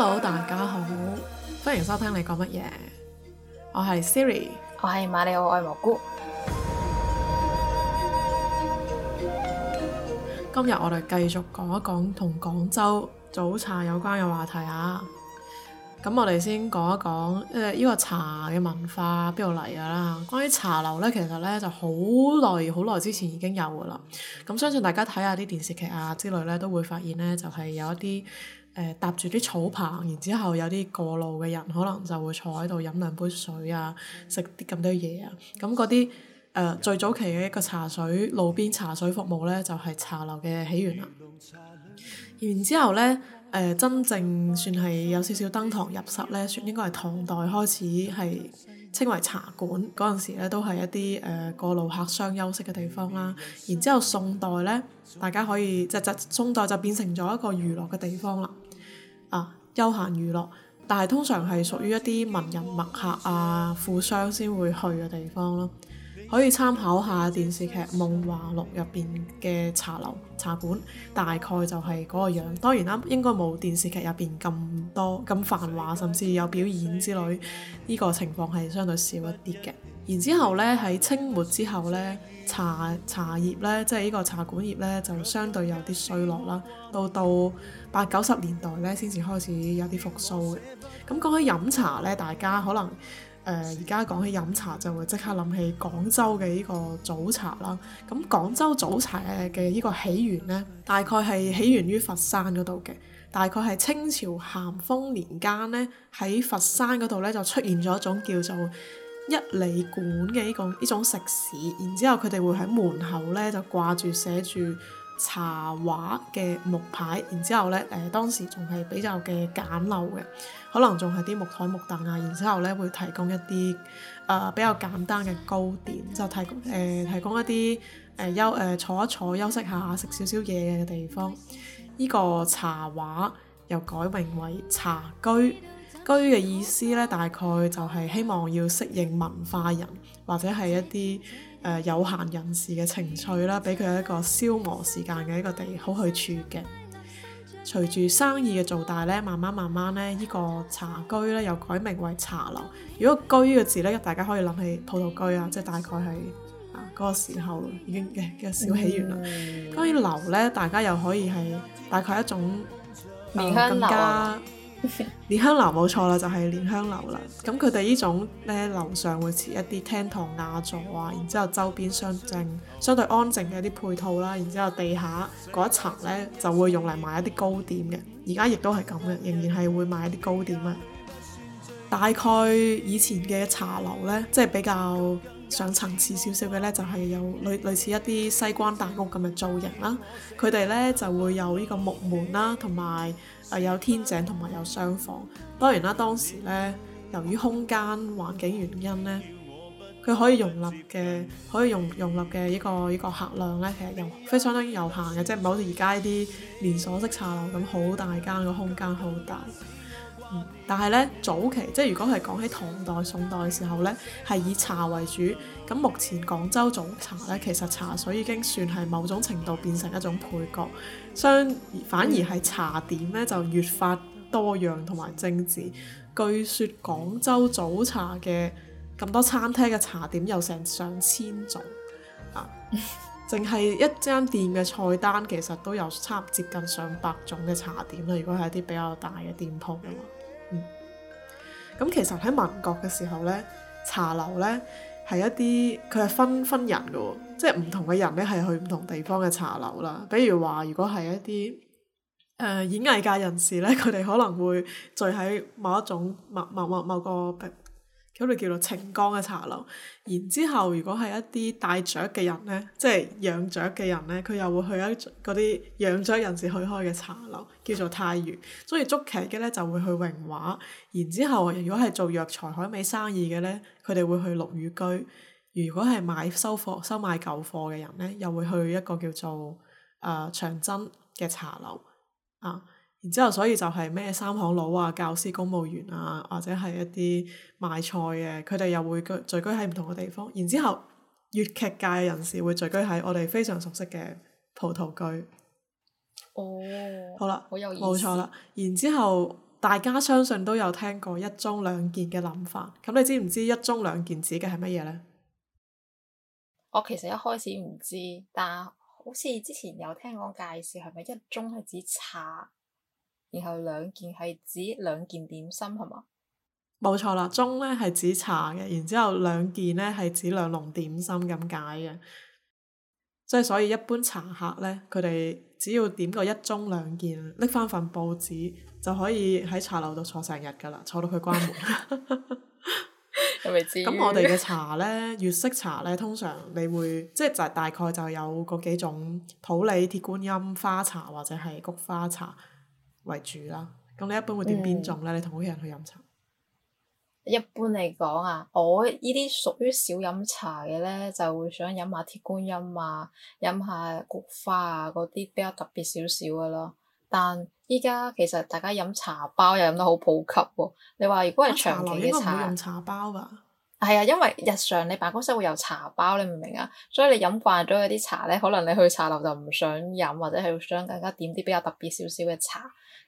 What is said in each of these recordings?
hello，大家好，歡迎收聽你講乜嘢？我係 Siri，我係瑪利奧愛蘑菇。今日我哋繼續講一講同廣州早茶有關嘅話題啊。咁我哋先講一講，誒、呃，呢、這個茶嘅文化邊度嚟噶啦？關於茶樓咧，其實咧就好耐好耐之前已經有噶啦。咁相信大家睇下啲電視劇啊之類咧，都會發現咧就係、是、有一啲。呃、搭住啲草棚，然之後有啲過路嘅人可能就會坐喺度飲兩杯水啊，食啲咁多嘢啊。咁嗰啲誒最早期嘅一個茶水、路邊茶水服務呢，就係、是、茶樓嘅起源啦。然之後呢，誒、呃、真正算係有少少登堂入室呢，算應該係唐代開始係稱為茶館嗰陣時呢，都係一啲誒、呃、過路客商休息嘅地方啦。然之後宋代呢，大家可以就就宋代就變成咗一個娛樂嘅地方啦。啊，休閒娛樂，但係通常係屬於一啲文人墨客啊、富商先會去嘅地方咯，可以參考下電視劇《夢華錄》入邊嘅茶樓、茶館，大概就係嗰個樣。當然啦，應該冇電視劇入邊咁多咁繁華，甚至有表演之類，呢個情況係相對少一啲嘅。然之後呢，喺清末之後呢。茶茶葉咧，即係呢個茶館業咧，就相對有啲衰落啦。到到八九十年代咧，先至開始有啲復甦。咁、嗯、講起飲茶咧，大家可能誒而家講起飲茶就會即刻諗起廣州嘅呢個早茶啦。咁、嗯、廣州早茶嘅呢個起源咧，大概係起源於佛山嗰度嘅。大概係清朝咸豐年間咧，喺佛山嗰度咧就出現咗一種叫做一里館嘅呢、這個呢種食肆，然之後佢哋會喺門口咧就掛住寫住茶話嘅木牌，然之後咧誒、呃、當時仲係比較嘅簡陋嘅，可能仲係啲木枱木凳啊，然之後咧會提供一啲誒、呃、比較簡單嘅糕點，就提誒、呃、提供一啲誒休誒坐一坐休息下食少少嘢嘅地方。呢、這個茶話又改名為茶居。居嘅意思咧，大概就係希望要適應文化人或者係一啲誒、呃、有閒人士嘅情趣啦，俾佢一個消磨時間嘅一個地好去處嘅。隨住生意嘅做大咧，慢慢慢慢咧，呢個茶居咧又改名為茶樓。如果居嘅字咧，大家可以諗起陶陶居啊，即、就、係、是、大概係啊嗰、那個時候已經嘅嘅小起源啦。關、嗯、於樓咧，大家又可以係大概一種、呃、更加。蓮香樓冇錯啦，就係蓮香樓啦。咁佢哋呢種咧，樓上會設一啲廳堂雅座啊，然之後周邊相正，相對安靜嘅一啲配套啦，然之後地下嗰一層咧就會用嚟賣一啲糕點嘅。而家亦都係咁嘅，仍然係會賣一啲糕點啊。大概以前嘅茶樓咧，即係比較上層次少少嘅咧，就係有類類似一啲西關大屋咁嘅造型啦。佢哋咧就會有呢個木門啦，同埋。係有天井同埋有廂房，當然啦，當時呢，由於空間環境原因呢，佢可以容納嘅可以容容納嘅一個一個客量呢，其實又非常之有限嘅，即係唔係好似而家啲連鎖式茶樓咁好大間，個空間好大。嗯、但係咧，早期即係如果係講起唐代、宋代嘅時候咧，係以茶為主。咁目前廣州早茶咧，其實茶水已經算係某種程度變成一種配角，相反而係茶點咧就越發多樣同埋精致。據說廣州早茶嘅咁多餐廳嘅茶點有成上千種啊，淨係一間店嘅菜單其實都有差唔多接近上百種嘅茶點啦。如果係一啲比較大嘅店鋪嘅話。咁、嗯、其實喺民國嘅時候呢，茶樓呢係一啲佢係分分人噶，即係唔同嘅人呢係去唔同地方嘅茶樓啦。比如話，如果係一啲、呃、演藝界人士呢，佢哋可能會聚喺某一種某某某某個。咁佢叫做情江嘅茶樓。然之後，如果係一啲帶雀嘅人呢，即係養雀嘅人呢，佢又會去一啲養雀人士去開嘅茶樓，叫做泰源。鍾意捉棋嘅呢，就會去榮華。然之後，如果係做藥材海味生意嘅呢，佢哋會去綠雨居。如果係買收貨、收買舊貨嘅人呢，又會去一個叫做誒、呃、長真嘅茶樓啊。然之後，所以就係咩三行佬啊、教師、公務員啊，或者係一啲賣菜嘅、啊，佢哋又會聚，聚居喺唔同嘅地方。然之後粵劇界嘅人士會聚居喺我哋非常熟悉嘅葡萄居哦。好啦，好有意思，冇錯啦。然之後大家相信都有聽過一盅兩件嘅諗法。咁你知唔知一盅兩件指嘅係乜嘢呢？我其實一開始唔知，但好似之前有聽過介紹，係咪一盅係指茶？然後兩件係指兩件點心係嘛？冇錯啦，盅呢係指茶嘅，然之後兩件呢係指兩籠點心咁解嘅。即係所以一般茶客呢，佢哋只要點個一盅兩件，拎翻份報紙就可以喺茶樓度坐成日噶啦，坐到佢關門。咁我哋嘅茶呢，粵式茶呢，通常你會即係就係、大概就有嗰幾種普洱、鐵觀音、花茶或者係菊花茶。為主啦，咁你一般會點邊種咧？嗯、你同屋企人去飲茶。一般嚟講啊，我依啲屬於少飲茶嘅咧，就會想飲下鐵觀音啊，飲下菊花啊嗰啲比較特別少少嘅咯。但依家其實大家飲茶包又飲得好普及喎。你話如果係長期啲茶，啊、茶，用茶包啊？係啊，因為日常你辦公室會有茶包，你唔明啊？所以你飲慣咗嗰啲茶咧，可能你去茶樓就唔想飲，或者係想更加點啲比較特別少少嘅茶。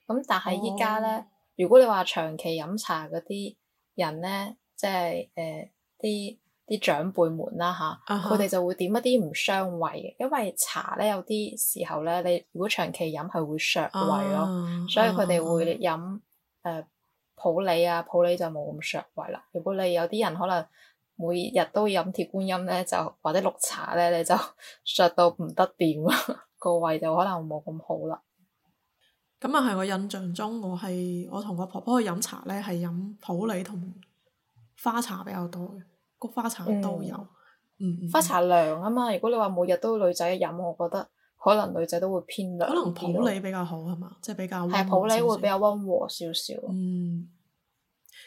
咁但係依家咧，oh. 如果你話長期飲茶嗰啲人咧，即係誒啲啲長輩們啦吓，佢哋，啊、uh huh. 就會點一啲唔傷胃嘅，因為茶咧有啲時候咧，你如果長期飲係會削胃咯，uh huh. 所以佢哋會飲誒。呃普洱啊，普洱就冇咁削胃啦。如果你有啲人可能每日都飲鐵觀音咧，就或者綠茶咧，你就削到唔得掂啊，個胃就可能冇咁好啦。咁啊，係我印象中，我係我同我婆婆去飲茶咧，係飲普洱同花茶比較多，菊花茶都有。嗯，花茶涼啊嘛，如果你話每日都女仔飲，我覺得。可能女仔都會偏涼，可能普洱比較好係嘛，嗯、即係比較係普洱會比較溫和少少。嗯，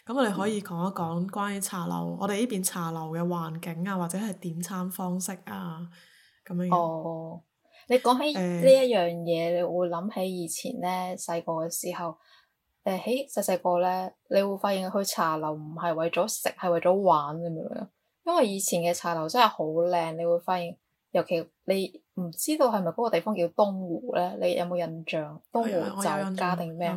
咁我哋可以講一講關於茶樓，嗯、我哋呢邊茶樓嘅環境啊，或者係點餐方式啊，咁樣樣。哦，你講起呢一、欸、樣嘢，你會諗起以前咧細個嘅時候，誒喺細細個咧，你會發現去茶樓唔係為咗食，係為咗玩咁樣樣，明唔明啊？因為以前嘅茶樓真係好靚，你會發現，尤其你。唔知道係咪嗰個地方叫東湖咧？你有冇印象？東湖酒家定咩？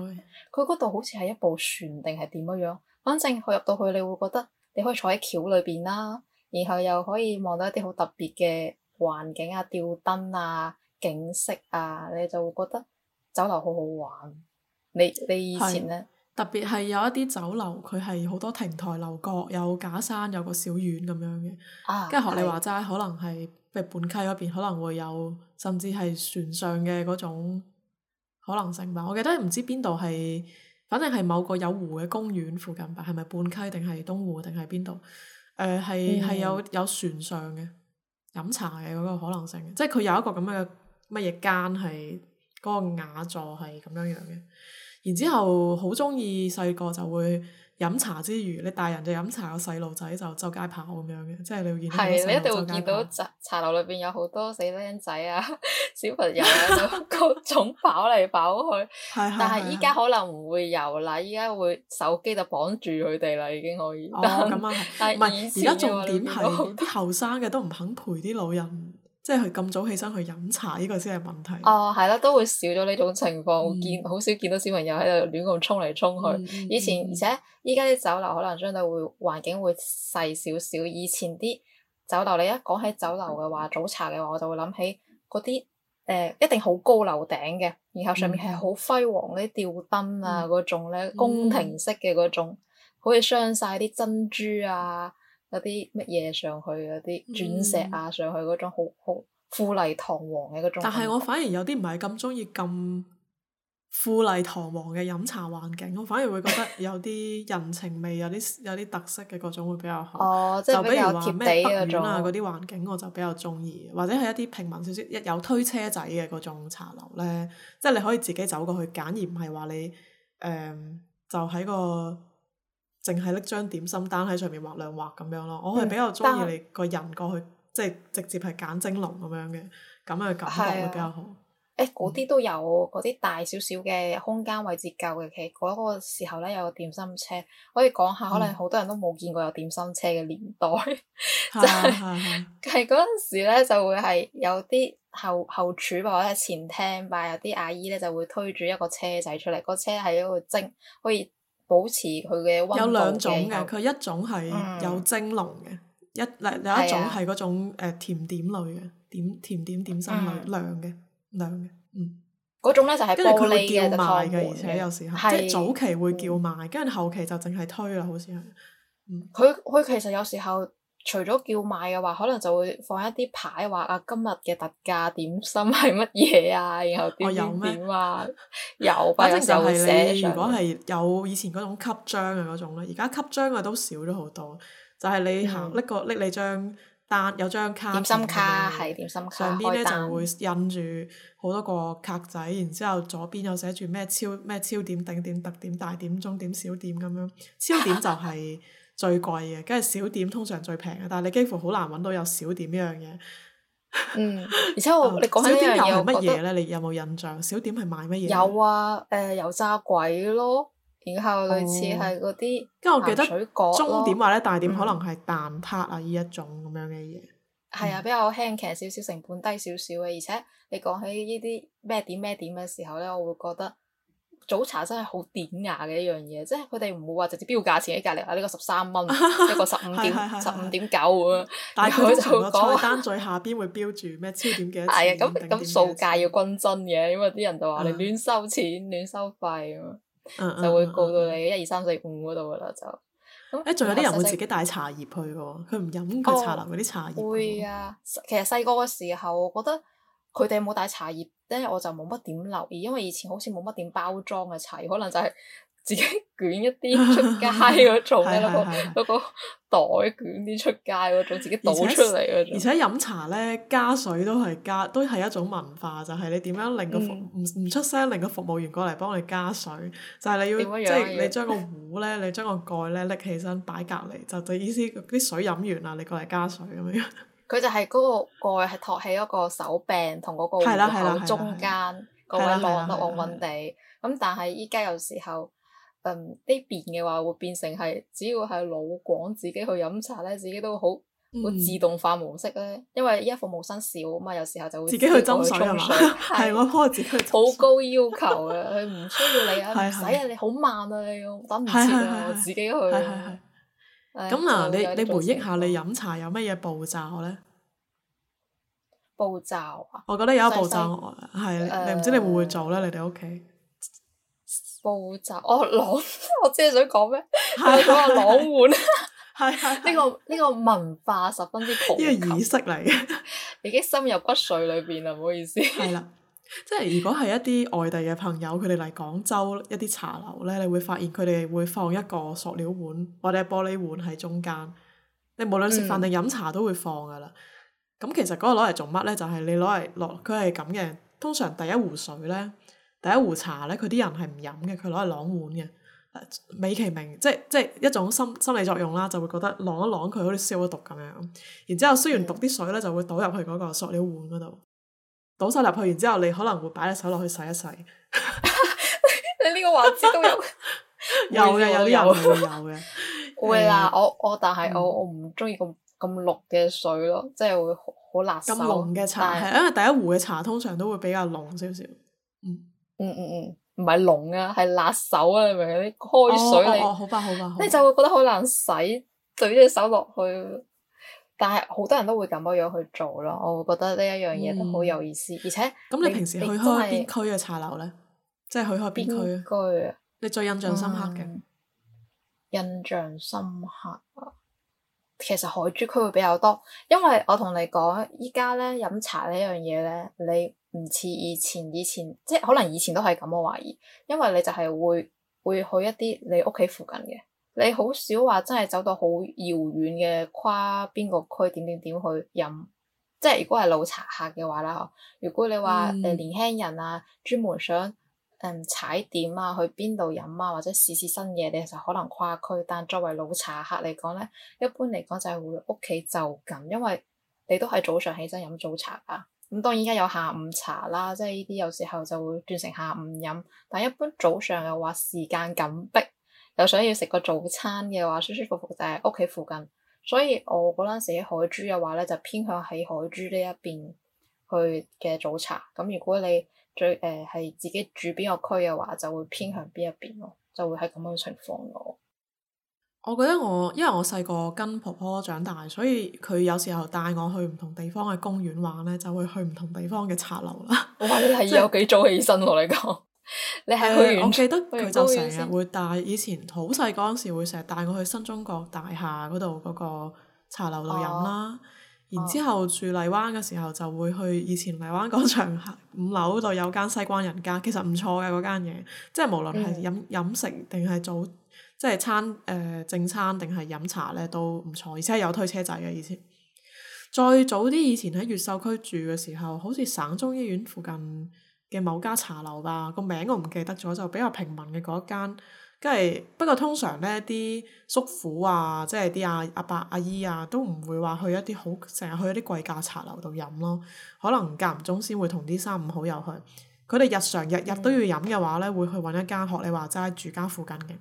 佢嗰度好似係一部船定係點樣？反正我入到去，你會覺得你可以坐喺橋裏邊啦，然後又可以望到一啲好特別嘅環境啊、吊燈啊、景色啊，你就會覺得酒樓好好玩。你你以前咧，特別係有一啲酒樓，佢係好多亭台樓閣，有假山，有個小院咁樣嘅，跟住學你話齋，啊、可能係。嘅泮溪嗰邊可能會有，甚至係船上嘅嗰種可能性吧。我記得唔知邊度係，反正係某個有湖嘅公園附近吧，係咪泮溪定係東湖定係邊度？誒，係係有有船上嘅飲茶嘅嗰個可能性，即係佢有一個咁樣嘅乜嘢間係嗰個雅座係咁樣樣嘅。然之後好中意細個就會。飲茶之餘，你大人就飲茶，個細路仔就周街跑咁樣嘅，即係你會見到。係，你一定會見到茶茶樓裏邊有好多死靚仔啊，小朋友啊， 就各種跑嚟跑去。 但係依家可能唔會有啦，依家會手機就綁住佢哋啦，已經可以。哦，咁但啊係，唔係以前重點係啲後生嘅都唔肯陪啲老人。即係佢咁早起身去飲茶，呢、這個先係問題。哦，係啦，都會少咗呢種情況，嗯、我見好少見到小朋友喺度亂咁沖嚟沖去、嗯嗯以。以前而且依家啲酒樓可能相對會環境會細少少，以前啲酒樓你一講起酒樓嘅話、嗯、早茶嘅話，我就會諗起嗰啲誒一定好高樓頂嘅，然後上面係好輝煌啲吊燈啊嗰、嗯、種咧宮廷式嘅嗰種，好似鑲晒啲珍珠啊～有啲乜嘢上去，有啲鑽石啊上去嗰種，好好富麗堂皇嘅嗰種。但係我反而有啲唔係咁中意咁富麗堂皇嘅飲茶環境，我反而會覺得有啲人情味， 有啲有啲特色嘅嗰種會比較好。哦、就比如話咩北園啊嗰啲環境，我就比較中意，或者係一啲平民少少，一有推車仔嘅嗰種茶樓呢，即、就、係、是、你可以自己走過去，揀而唔係話你誒、嗯、就喺個。淨係拎張點心單喺上面畫兩畫咁樣咯，我係比較中意你個人過去，嗯、即係直接係揀蒸籠咁樣嘅，咁樣嘅感覺會比較好。誒、啊，嗰、欸、啲都有，嗰啲、嗯、大少少嘅空間位置夠嘅，其實嗰個時候咧有個點心車，可以講下，可能好多人都冇見過有點心車嘅年代，嗯、 就係係嗰陣時咧就會係有啲後後廚或者前廳吧，有啲阿姨咧就會推住一個車仔出嚟，個車係一個蒸可以。保持佢嘅溫度，有兩種嘅，佢一，個一種係有蒸籠嘅，嗯、一有一種係嗰種甜點類嘅，點甜點點心類、嗯、涼涼嘅，涼嘅，嗯，嗰種呢就係，佢會叫賣嘅，而且有時候是即係早期會叫賣，跟住、嗯、後期就淨係推啦，好似係，佢、嗯、佢其實有時候。除咗叫賣嘅話，可能就會放一啲牌，話啊今日嘅特價點心係乜嘢啊，然後點有咩？」啊，哦、有。 由 反正就係你， 如果係有以前嗰種吸章嘅嗰種咧，而家吸章嘅都少咗好多。就係、是、你行搦個搦你張單，有張卡，點卡。點心卡係點心卡。上邊咧單就會印住好多個卡仔，然之後左邊又寫住咩超咩超點、頂點、特點、大點、中點、小點咁樣。超點就係、是。 最貴嘅，梗係小點通常最平嘅，但係你幾乎好難揾到有小點呢樣嘢。嗯，而且我 你小點又係乜嘢呢？你有冇印象？小點係賣乜嘢？有啊、呃，油炸鬼咯，然後類似係嗰啲鹹水角咯。即係我記得中點或者大點可能係蛋撻啊呢、嗯、一種咁樣嘅嘢。係啊，比較輕騎少少，成本低少少嘅。嗯、而且你講起呢啲咩點咩點嘅時候呢，我會覺得。早茶真係好典雅嘅一樣嘢，即係佢哋唔會話直接標價錢喺隔籬啊，呢個十三蚊， 一個十五點十五點九咁，但佢就 菜單最下邊會標住咩超點幾多錢，係啊，咁咁數價要均真嘅，因為啲人就話你亂收錢、亂收費咁就會告到你一二三四五嗰度噶啦就。誒、嗯、仲、欸、有啲人會自己帶茶葉去喎，佢唔飲個茶樓啲茶葉、哦。會啊，其實細個嘅時候我覺得。佢哋有冇帶茶葉咧？我就冇乜點留意，因為以前好似冇乜點包裝嘅茶葉，可能就係自己捲一啲出街嗰種，嗰個袋捲啲出街嗰種，自己倒出嚟嗰種。而且飲茶咧，加水都係加，都係一種文化，就係、是、你點樣令個服唔唔出聲，令個服務員過嚟幫你加水，就係、是、你要即係、啊、你將個壺咧，你將個蓋咧拎起身擺隔籬，就就意思啲水飲完啦，你過嚟加水咁樣。 佢就係嗰個蓋係托起一個手柄同嗰個碗中間，個位攣得穩穩地。咁但係依家有時候，嗯，呢邊嘅話會變成係只要係老廣自己去飲茶咧，自己都好好自動化模式咧，因為依家服務生少啊嘛，有時候就會自己去斟水，係我自己去。好高要求嘅，佢唔需要你啊，唔使啊你好慢啊，你等唔切啊，自己去。咁嗱，你你回憶下你飲茶有乜嘢步驟咧？步驟啊！我覺得有一步驟，係你唔知你會唔會做咧？你哋屋企步驟，我攞，我知你想講咩？係講攞碗。係啊！呢個呢個文化十分之濃。呢個儀式嚟嘅，已經深入骨髓裏邊啦！唔好意思。係啦。即係如果係一啲外地嘅朋友，佢哋嚟廣州一啲茶樓呢，你會發現佢哋會放一個塑料碗或者玻璃碗喺中間。你無論食飯定飲茶都會放噶啦。咁其實嗰個攞嚟做乜呢？就係、是、你攞嚟落，佢係咁嘅。通常第一壺水呢，第一壺茶呢，佢啲人係唔飲嘅，佢攞嚟啷碗嘅。美其名即係即係一種心心理作用啦，就會覺得啷一啷佢好似消咗毒咁樣。然之後消完毒啲水呢，就會倒入去嗰個塑料碗嗰度。倒晒入去，然之後你可能會擺隻手落去洗一洗。 你呢個環節都有， 有嘅的有啲人會有嘅。會啦，嗯、我但我但係我我唔中意咁咁綠嘅水咯，即係會好辣手，咁濃嘅茶係，是因為第一壺嘅茶通常都會比較濃少少。嗯嗯嗯嗯，唔係濃啊，係辣手啊，你明唔明？啲開水嚟，哦哦、好好好，你就會覺得好難洗，懟隻手落去。但係好多人都會咁樣樣去做咯，我會覺得呢一樣嘢都好有意思，嗯、而且咁你，你平時去開邊區嘅茶樓呢？即係去開邊區，區啊你最印象深刻嘅，嗯？印象深刻啊！其實海珠區會比較多，因為我同你講，依家咧飲茶呢樣嘢咧，你唔似以前，以前即係可能以前都係咁，我懷疑，因為你就係會會去一啲你屋企附近嘅。你好少話真係走到好遙遠嘅跨邊個區點點點去飲，即係如果係老茶客嘅話啦，如果你話誒年輕人啊，專門想誒嗯、踩點啊，去邊度飲啊，或者試試新嘢，你就可能跨區。但作為老茶客嚟講咧，一般嚟講就係會屋企就近，因為你都係早上起身飲早茶啊。咁當然而家有下午茶啦，即係呢啲有時候就會變成下午飲。但一般早上嘅話，時間緊迫。又想要食個早餐嘅話，舒舒服服就喺屋企附近。所以我嗰陣時喺海珠嘅話咧，就偏向喺海珠呢一邊去嘅早茶。咁如果你最誒係自己住邊個區嘅話，就會偏向邊一邊咯，就會係咁樣嘅情況咯。我覺得我因為我細個跟婆婆長大，所以佢有時候帶我去唔同地方嘅公園玩咧，就會去唔同地方嘅茶樓啦。我 話你係有幾早起身同你講。以 你係去、呃、我記得佢就成日會帶，以前好細個嗰時會成日帶我去新中國大廈嗰度嗰個茶樓度飲啦。哦、然之後住荔灣嘅時候就會去以前荔灣廣場五樓嗰度有間西關人家，其實唔錯嘅嗰間嘢，即係無論係飲飲食定係早即係餐誒、呃、正餐定係飲茶呢都唔錯，而且有推車仔嘅以前。再早啲以前喺越秀區住嘅時候，好似省中醫院附近。嘅某家茶樓吧，個名我唔記得咗，就比較平民嘅嗰一間，跟係不過通常呢啲叔父啊，即係啲阿阿伯阿姨啊，都唔會話去一啲好成日去一啲貴價茶樓度飲咯，可能間唔中先會同啲三五好友去。佢哋日常日日都要飲嘅話呢，會去揾一間學你話齋住家附近嘅。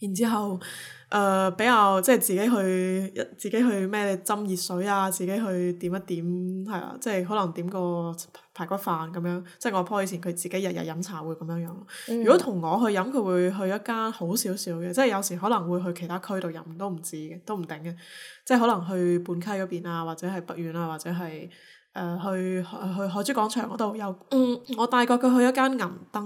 然之後，誒、呃、比較即係自己去自己去咩浸熱水啊，自己去點一點係啊，即係可能點個排骨飯咁樣。即係我阿婆以前佢自己日日飲茶會咁樣樣。嗯、如果同我去飲，佢會去一間好少少嘅，即係有時可能會去其他區度飲都唔知嘅，都唔定嘅。即係可能去泮溪嗰邊啊，或者係北苑啊，或者係誒、呃、去去，去海珠廣場嗰度又嗯，我大概佢去一間銀燈，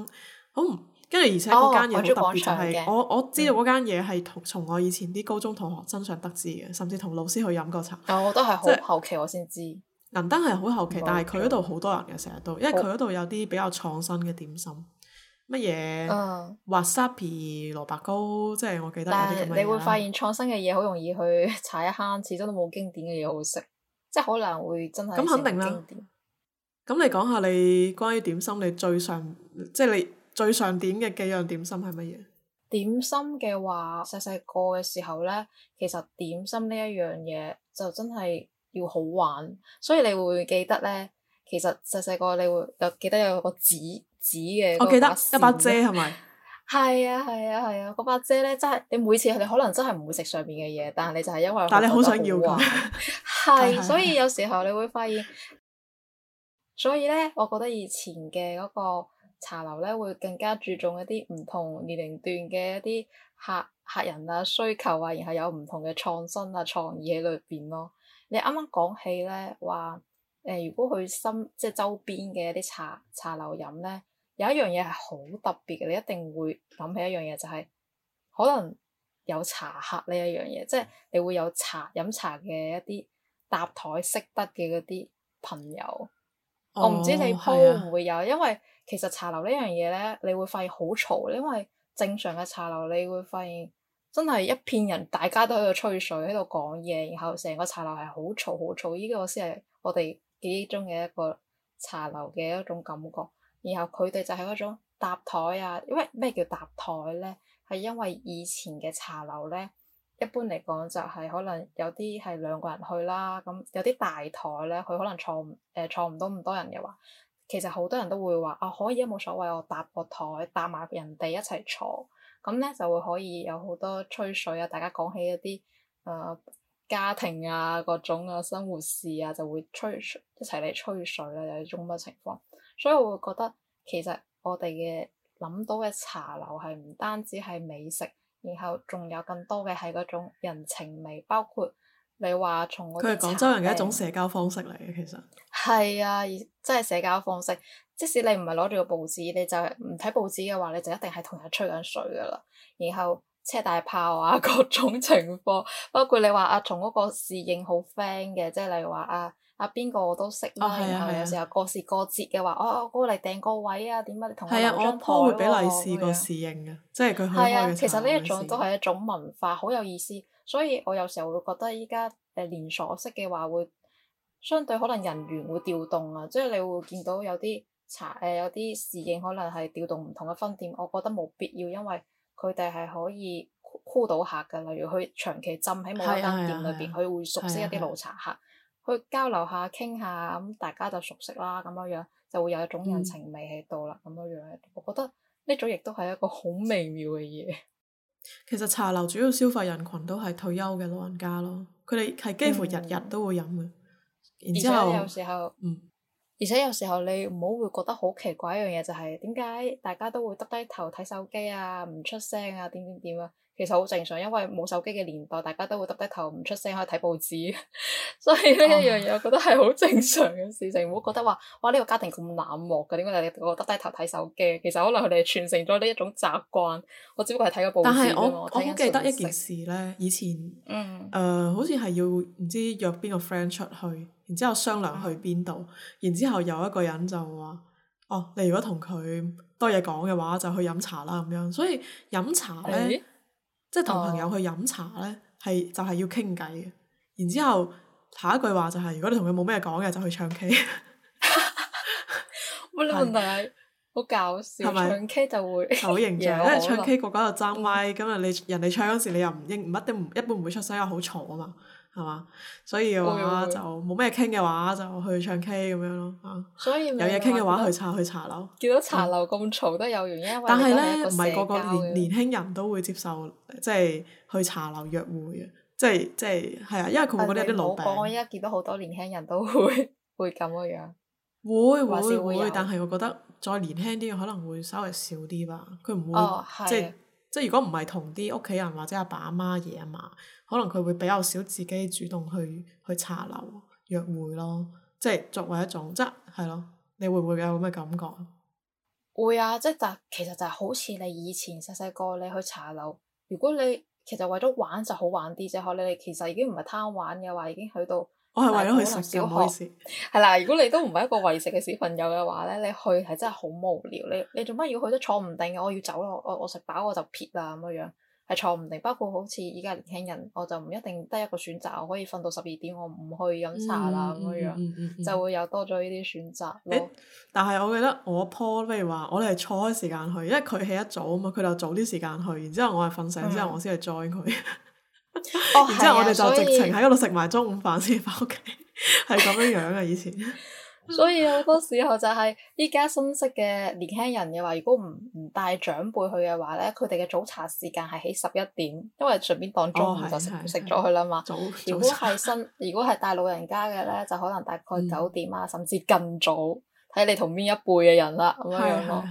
好、嗯、唔？跟住，而且嗰間嘢好特別係，我我知道嗰間嘢係同從我以前啲高中同學身上得知嘅，甚至同老師去飲過茶。但我都係好後期我先知銀燈係好後期，但係佢嗰度好多人嘅，成日都，因為佢嗰度有啲比較創新嘅點心，乜嘢滑沙皮蘿蔔糕，即係我記得有啲咁樣。你會發現創新嘅嘢好容易去踩一坑，始終都冇經典嘅嘢好食，即係可能會真係咁肯定啦。咁你講下你關於點心你最想，即係你。最常點嘅幾樣點心係乜嘢？點心嘅話，細細個嘅時候咧，其實點心呢一樣嘢就真係要好玩，所以你會記得咧。其實細細個你會有記得有個紙紙嘅，我記得一把遮係咪？係啊係啊係啊，個、啊啊啊、把遮咧真係你每次你可能真係唔會食上面嘅嘢，但係你就係因為覺得好玩。但你好想要㗎。係，所以有時候你會發現，所以咧，我覺得以前嘅嗰、嗰個。茶樓咧會更加注重一啲唔同年齡段嘅一啲客客人啊需求啊，然後有唔同嘅創新啊創意喺裏邊咯。你啱啱講起咧話，誒、呃、如果去深即係周邊嘅一啲茶茶樓飲咧，有一樣嘢係好特別嘅，你一定會諗起一樣嘢、就係，就係可能有茶客呢一樣嘢，即係你會有茶飲茶嘅一啲搭台識得嘅嗰啲朋友。Oh, 我唔知你鋪唔會有，因為其實茶樓呢樣嘢呢，你會發現好嘈。因為正常嘅茶樓，你會發現真係一片人，大家都喺度吹水，喺度講嘢，然後成個茶樓係好嘈好嘈。呢、這個先係我哋記憶中嘅一個茶樓嘅一種感覺。然後佢哋就係嗰種搭台啊，因為咩叫搭台呢？係因為以前嘅茶樓呢。一般嚟講，就係可能有啲係兩個人去啦，咁有啲大台咧，佢可能坐唔誒、呃、坐唔到咁多人嘅話，其實好多人都會話啊，可以啊，冇所謂，我搭個台搭埋人哋一齊坐，咁咧就會可以有好多吹水啊，大家講起一啲誒、呃、家庭啊各種嘅生活事啊，就會吹，吹一齊嚟吹水啦、啊，有係種乜情況？所以我會覺得其實我哋嘅諗到嘅茶樓係唔單止係美食。然後仲有更多嘅係嗰種人情味，包括你話從我佢係廣州人嘅一種社交方式嚟嘅，其實係啊，即係社交方式。即使你唔係攞住個報紙，你就唔睇報紙嘅話，你就一定係同人吹緊水噶啦。然後。車大炮啊，各種情況，包括你話阿松嗰個侍應好 friend 嘅，即係例如話啊啊邊個我都識啦，然後、啊啊啊、有時候過、啊、時過節嘅話，哦、我我過嚟訂個位啊，點解你同、啊啊、我攞台。係我都會俾利是個侍應啊，即係佢去。係啊，其實呢一種是是都係一種文化，好有意思。所以我有時候會覺得依家誒連鎖式嘅話會相對可能人員會調動啊，即係你會見到有啲茶有啲侍應可能係調動唔同嘅分店，我覺得冇必要，因為。佢哋係可以箍到客㗎，例如佢長期浸喺某一間店裏邊，佢 會熟悉一啲老茶客，去交流下、傾下，咁大家就熟悉啦，咁樣樣就會有一種人情味喺度啦，咁樣、嗯、樣，我覺得呢種亦都係一個好微妙嘅嘢。其實茶樓主要消費人群都係退休嘅老人家咯，佢哋係幾乎日日都會飲嘅，嗯、然之後，後有時候嗯。而且有時候你唔好會覺得好奇怪一樣嘢，就是，就係點解大家都會耷低頭睇手機啊？唔出聲啊？點點點啊？其實好正常，因為冇手機嘅年代，大家都會耷低頭唔出聲，可以睇報紙。 所以呢一樣嘢，我覺得係好正常嘅事情。我、oh. 覺得話，哇！呢，這個家庭咁冷漠嘅，點解你哋會耷低頭睇手機？其實可能佢哋係傳承咗呢一種習慣。我只不過係睇個報紙啫嘛。我好明天 記得一件事咧，以前，誒、嗯、呃，好似係要唔知約邊個 friend 出去。然之後商量去邊度，然之後有一個人就話：哦、oh,，你如果同佢多嘢講嘅話，就去飲茶啦咁樣。所以飲茶呢，即係同朋友去飲茶呢，係就係、是、要傾偈嘅。然之後下一句話就係、是：如果你同佢冇咩講嘅，就去唱 K。乜 嘢 問題？好是搞笑！是是唱 K 就會好形象，因為唱 K 個個又爭麥，咁 你人哋唱嗰時，你又唔應唔一定唔一般唔會出聲，因為好嘈啊嘛。係嘛，所以我嘅話就冇咩傾嘅話就去唱 K 咁樣咯，啊，有嘢傾嘅話去茶去茶樓。見到茶樓咁嘈都有原因，因但係咧，唔係個個年年輕人都會接受，即係去茶樓約會，即係即係係啊，因為佢會覺得有啲老病。我依家見到好多年輕人都會會咁嘅樣，會會會，但係我覺得再年輕啲嘅可能會稍微少啲吧，佢唔會、哦、即係。即係如果唔係同啲屋企人或者阿爸阿媽嘢吖嘛，可能佢會比較少自己主動去去茶樓約會咯，即係作為一種，即係係咯，你會唔會有咁嘅感覺？會啊，即係但其實就係好似你以前細細個你去茶樓，如果你其實為咗玩就好玩啲啫，可能你哋其實已經唔係貪玩嘅話，已經去到。我係為咗去食小學，係啦。如果你都唔係一個為食嘅小朋友嘅話咧，你去係真係好無聊。你你做乜要去都坐唔定嘅？我要走咯，我我食飽我就撇啦咁樣，係坐唔定。包括好似而家年輕人，我就唔一定得一個選擇，我可以瞓到十二點，我唔去飲茶啦咁、嗯、樣，嗯嗯嗯、就會有多咗呢啲選擇。欸、我但係我記得我 po，譬如話，我哋係錯開時間去，因為佢起得早啊嘛，佢就早啲時間去，然之後我係瞓醒之後我先去 join 佢。 哦、然之後我哋就直情喺嗰度食埋中午飯先翻屋企，係咁樣樣嘅以前。所以好多 時候就係依家新識嘅年輕人嘅話，如果唔唔帶長輩去嘅話咧，佢哋嘅早茶時間係喺十一點，因為順便當中午就食食咗佢啦嘛。如果係新，如果係帶老人家嘅咧，就可能大概九點啊，嗯、甚至更早，睇你同邊一輩嘅人啦，咁樣樣咯。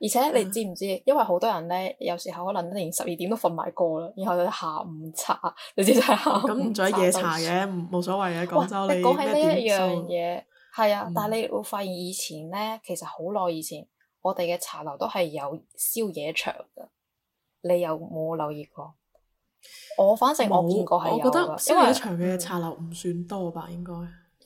而且你知唔知？因為好多人咧，有時候可能連十二點都瞓埋過啦，然後就下午茶。你知唔知下午？咁仲有夜茶嘅，冇所謂嘅。廣州你講起呢一樣嘢，係啊，但係你會發現以前咧，其實好耐以前，我哋嘅茶樓都係有宵夜場嘅。你有冇留意過？我反正我見過係有嘅，因為宵夜場嘅茶樓唔算多吧，應該。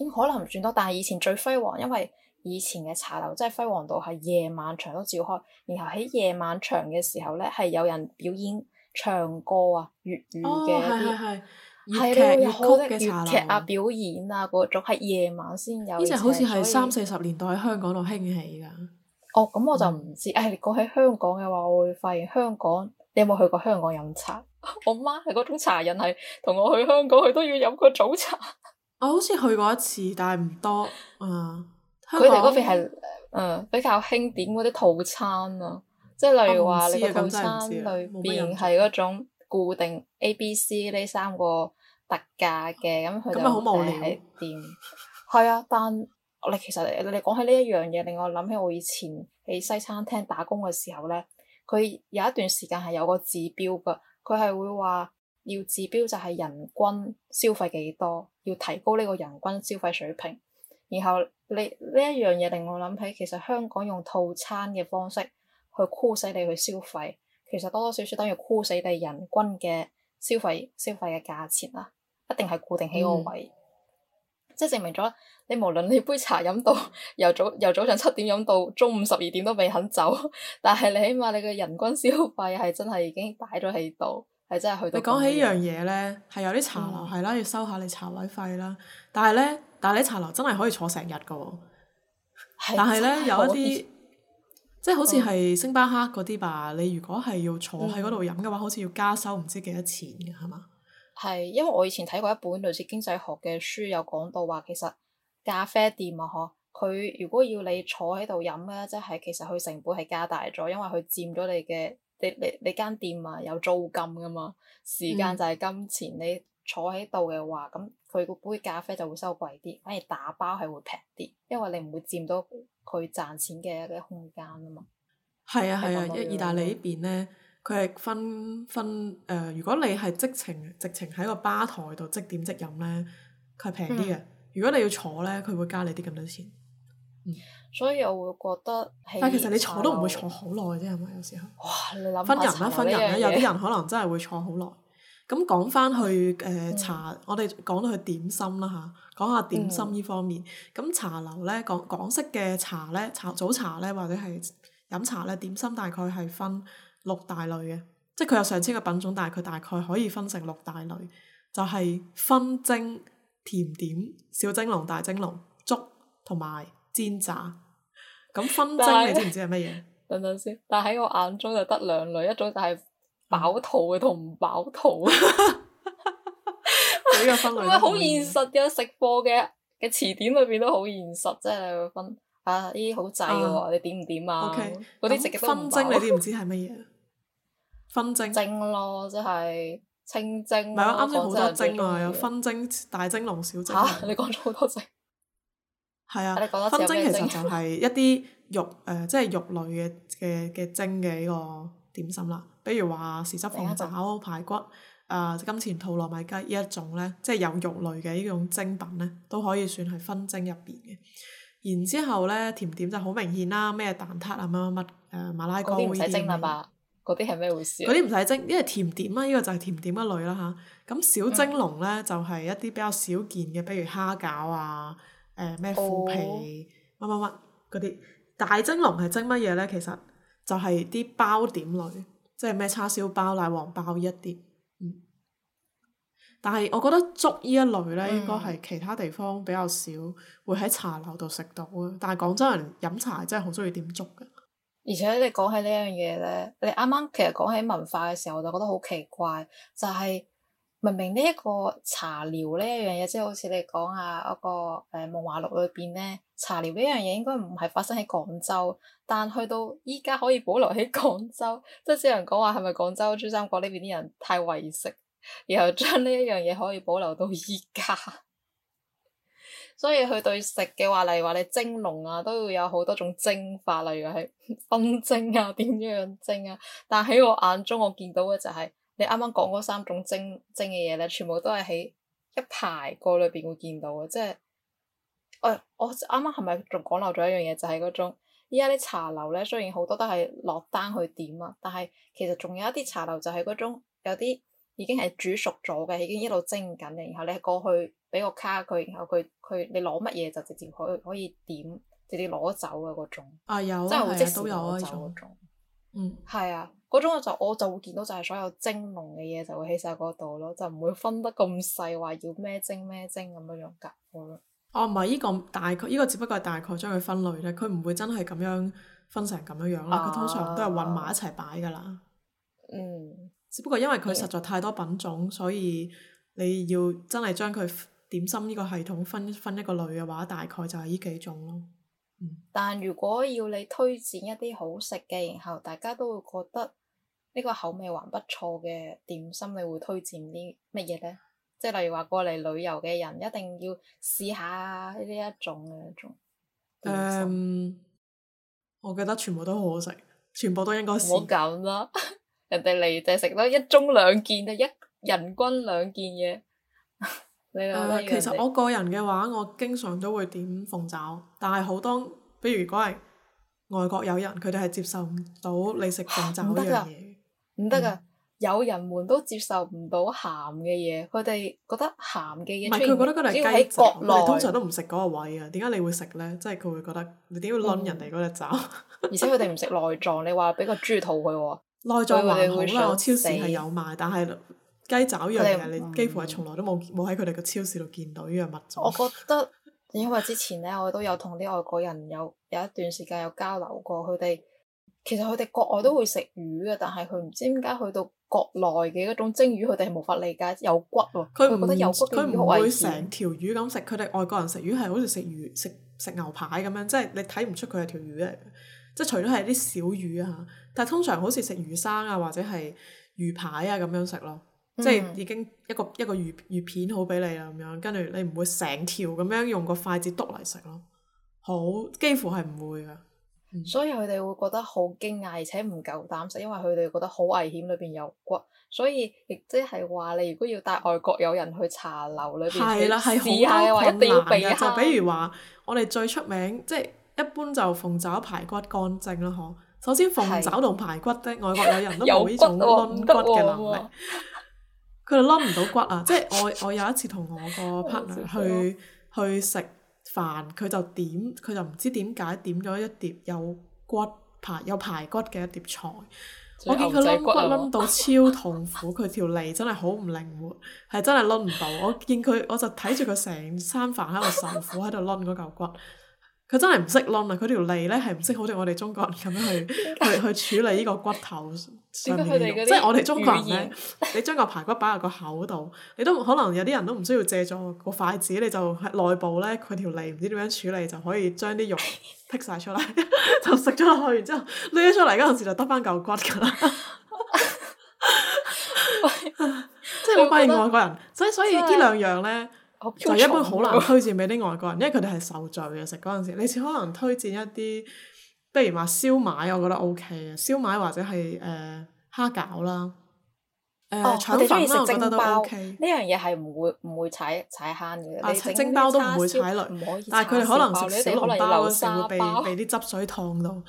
嗯，可能唔算多，但係以前最輝煌，因為。以前嘅茶樓即係輝煌度係夜晚場都照開，然後喺夜晚場嘅時候咧，係有人表演唱歌啊，粵語嘅粵劇粵曲嘅茶樓啊表演啊嗰種，係夜晚先有。呢隻好似係三四十年代喺香港度興起噶。哦，咁我就唔知。唉、嗯，你講喺香港嘅話，我會發現香港，你有冇去過香港飲茶？ 我媽係嗰種茶人，係同我去香港，佢都要飲個早茶。 我好似去過一次，但係唔多啊。佢哋嗰邊係、嗯、比較興點嗰啲套餐啊，即係例如話你個套餐裏邊係嗰種固定 A、B、C 呢三個特價嘅，咁佢哋喺店係啊。但你其實你講起呢一樣嘢，令我諗起我以前喺西餐廳打工嘅時候咧，佢有一段時間係有個指標㗎，佢係會話要指標就係人均消費幾多，要提高呢個人均消費水平。然後你呢一樣嘢令我諗起，其實香港用套餐嘅方式去箍死你去消費，其實多多少少等於箍死你人均嘅消費消費嘅價錢啦，一定係固定喺個位，嗯、即係證明咗你無論你杯茶飲到由早由早上七點飲到中午十二點都未肯走，但係你起碼你嘅人均消費係真係已經擺咗喺度，係真係去到。到。你講起呢樣嘢咧，係有啲茶樓係啦、嗯，要收下你茶位費啦，但係咧。但係你茶樓真係可以坐成日噶，是但係咧有一啲，即係好似係星巴克嗰啲吧。你如果係要坐喺嗰度飲嘅話，嗯、好似要加收唔知幾多錢嘅，係嘛？係，因為我以前睇過一本類似經濟學嘅書，有講到話其實咖啡店啊，嗬，佢如果要你坐喺度飲咧，即係其實佢成本係加大咗，因為佢佔咗你嘅，你你你間店啊有租金噶嘛，時間就係金錢，你坐喺度嘅話咁。嗯佢個杯咖啡就會收貴啲，反而打包係會平啲，因為你唔會佔到佢賺錢嘅一啲空間啊嘛。係啊係啊，因為意大利呢邊咧，佢係分分誒、呃，如果你係即情即情喺個吧台度即點即飲咧，佢係平啲嘅。嗯、如果你要坐咧，佢會加你啲咁多錢。嗯，所以我會覺得，但其實你坐都唔會坐好耐啫，係咪？有時候，哇你想想分人、啊！分人啦、啊，分人啦，有啲人可能真係會坐好耐。咁講翻去誒茶，嗯、我哋講到去點心啦嚇，講下點心呢方面。咁、嗯、茶樓呢，港廣式嘅茶呢，茶早茶呢，或者係飲茶呢，點心大概係分六大類嘅，即係佢有上千個品種，但係佢大概可以分成六大類，就係、是、分蒸、甜點、小蒸籠、大蒸籠、粥同埋煎炸。咁分蒸是你知唔知係乜嘢？等等先，但係喺我眼中就得兩類，一種就係、是。飽肚嘅同唔飽肚，唔係好現實嘅食貨嘅嘅詞典裏面都好現實，即係你會分，啊，呢啲好濟喎，你點唔點啊？嗰啲食嘅分蒸你知唔知係乜嘢？分蒸蒸咯，即係清蒸。唔係啊！啱先好多蒸啊，精嗯、有分蒸、大蒸籠、小蒸。你講咗好多蒸。係啊。你講多蒸 啊？蒸 其實就係一啲肉誒，即係肉類嘅嘅嘅蒸嘅呢個。點心啦，比如話豉汁鳳爪、排骨、誒、呃、金錢肚、糯米雞呢一種呢，即係有肉類嘅呢種蒸品呢，都可以算係分蒸入邊嘅。然之後呢，甜點就好明顯啦，咩蛋撻啊、乜乜乜、誒、啊、馬拉糕嗰啲唔使蒸嘛，嗰啲係咩回事？嗰啲唔使蒸，因為甜點啊，呢、呢個就係甜點嘅類啦、啊、嚇。咁小蒸籠呢，嗯、就係一啲比較少見嘅，比如蝦餃啊、誒、呃、咩腐皮、乜乜乜嗰啲。大蒸籠係蒸乜嘢呢？其實。就係啲包點類，即係咩叉燒包、奶黃包一啲、嗯。但係我覺得粥呢一類呢，應該係其他地方比較少會喺茶樓度食到。但係廣州人飲茶真係好鍾意點粥嘅。而且你講起呢樣嘢呢，你啱啱其實講起文化嘅時候，我就覺得好奇怪，就係、是、明明呢一個茶寮呢一樣嘢，即係好似你講啊一下、那個誒《夢、呃、華錄》裏邊咧，茶寮呢一樣嘢應該唔係發生喺廣州。但去到依家可以保留喺廣州，即係有人講話係咪廣州珠三角呢邊啲人太為食，然後將呢一樣嘢可以保留到依家。 所以佢對食嘅話，例如話你蒸籠啊，都要有好多種蒸法，例如係分蒸啊、點樣蒸啊。但喺我眼中我、就是，我見到嘅就係你啱啱講嗰三種蒸蒸嘅嘢咧，全部都係喺一排個裏邊會見到嘅，即係、哎、我我啱啱係咪仲講漏咗一樣嘢？就係、是、嗰種。依家啲茶樓咧，雖然好多都係落單去點啊，但係其實仲有一啲茶樓就係嗰種有啲已經係煮熟咗嘅，已經一路蒸緊嘅，然後你係過去俾個卡佢，然後佢佢你攞乜嘢就直接可以可以點，直接攞走嘅嗰種。啊有啊，係啊都有嗰、啊、種。嗯，係啊，嗰種我就是、我就會見到就係所有蒸籠嘅嘢就會喺晒嗰度咯，就唔會分得咁細話要咩蒸咩蒸咁嘅樣㗎，冇哦，唔係呢個大概，呢、這個只不過係大概將佢分類咧，佢唔會真係咁樣分成咁樣樣啦。佢、啊、通常都係混埋一齊擺噶啦。嗯。只不過因為佢實在太多品種，嗯、所以你要真係將佢點心呢個系統分分一個類嘅話，大概就係呢幾種咯。嗯、但如果要你推薦一啲好食嘅，然後大家都會覺得呢個口味還不錯嘅點心，你會推薦啲乜嘢呢？即係例如話過嚟，旅遊嘅人，一定要試下呢一種嘅一種。嗯，um, 手我覺得全部都好好食，全部都應該試。唔好咁啦，人哋嚟就食多一盅兩件，就一人均兩件嘢。 你、uh, 其實我個人嘅話，我經常都會點鳳爪，但係好多，比如，如果係外國友人，佢哋係接受唔到你食鳳爪呢樣嘢，唔得噶。有人們都接受唔到鹹嘅嘢，佢哋覺得鹹嘅嘢。唔係佢覺得嗰嚿雞爪，喺國內通常都唔食嗰個位啊。點解你會食呢？即係佢會覺得你點要攆人哋嗰隻爪？而且佢哋唔食內臟， 你話俾個豬肚佢喎。內臟還好啦，我超市係有賣，但係雞爪依樣嘢，嗯、你幾乎係從來都冇冇喺佢哋個超市度見到依樣物種。我覺得因為之前呢，我都有同啲外國人有有一段時間有交流過，佢哋其實佢哋國外都會食魚嘅，但係佢唔知點解去到。國內嘅嗰種蒸魚，佢哋係無法理解有骨喎。佢唔覺得有骨嘅魚好危險。佢唔會成條魚咁食，佢哋外國人食魚係好似食魚、食食牛排咁樣，即係你睇唔出佢係條魚嚟嘅，即係除咗係啲小魚啊，但係通常好似食魚生啊，或者係魚排啊咁樣食咯。即係已經一個一個魚魚片好俾你啦，咁樣跟住你唔會成條咁樣用個筷子篤嚟食咯。好幾乎係唔會嘅。所以佢哋會覺得好驚訝，而且唔夠膽食，因為佢哋覺得好危險，裏邊有骨。所以亦即係話，你如果要帶外國友人去茶樓裏邊了試下嘅話，一定要避下。就比如話，我哋最出名即係、就是、一般就鳳爪排骨乾蒸啦，嗬。首先鳳爪同排骨的外國友人都冇呢種揼 骨嘅、啊、能力，佢哋冧唔到骨啊！ 即係我我有一次同我個 partner 去 去，去食。飯佢就點，佢就唔知點解點咗一碟有骨排、有排骨嘅一碟菜。我見佢拎骨攆到超痛苦，佢條脷真係好唔靈活，係真係攆唔到。我見佢，我就睇住佢成餐飯喺度受苦，喺度攆嗰嚿骨。佢真係唔識攆啊！佢條脷咧係唔識好似我哋中國人咁樣去去去處理呢個骨頭。上面即係我哋中國人呢，言你將嚿排骨擺落個口度，你都可能有啲人都唔需要借助個筷子，你就係內部呢，佢條脷唔知點樣處理，就可以將啲肉剔晒出嚟， 就食咗落去。然之後搦咗出嚟嗰陣時就得翻嚿骨噶啦。即係好發現外國人，所以所以呢兩樣呢，的就一般好難推薦俾啲外國人， 因為佢哋係受罪嘅，食嗰陣時，你只可能推薦一啲。譬如話燒賣，我覺得 O K 嘅，燒賣或者係誒、呃、蝦餃啦，誒、呃哦、腸粉我覺得都 O、OK、K，呢樣嘢係唔會唔會踩踩坑嘅。啊、蒸包都唔會踩雷，但係佢哋可能食小籠包嘅時候會被被啲汁水燙到。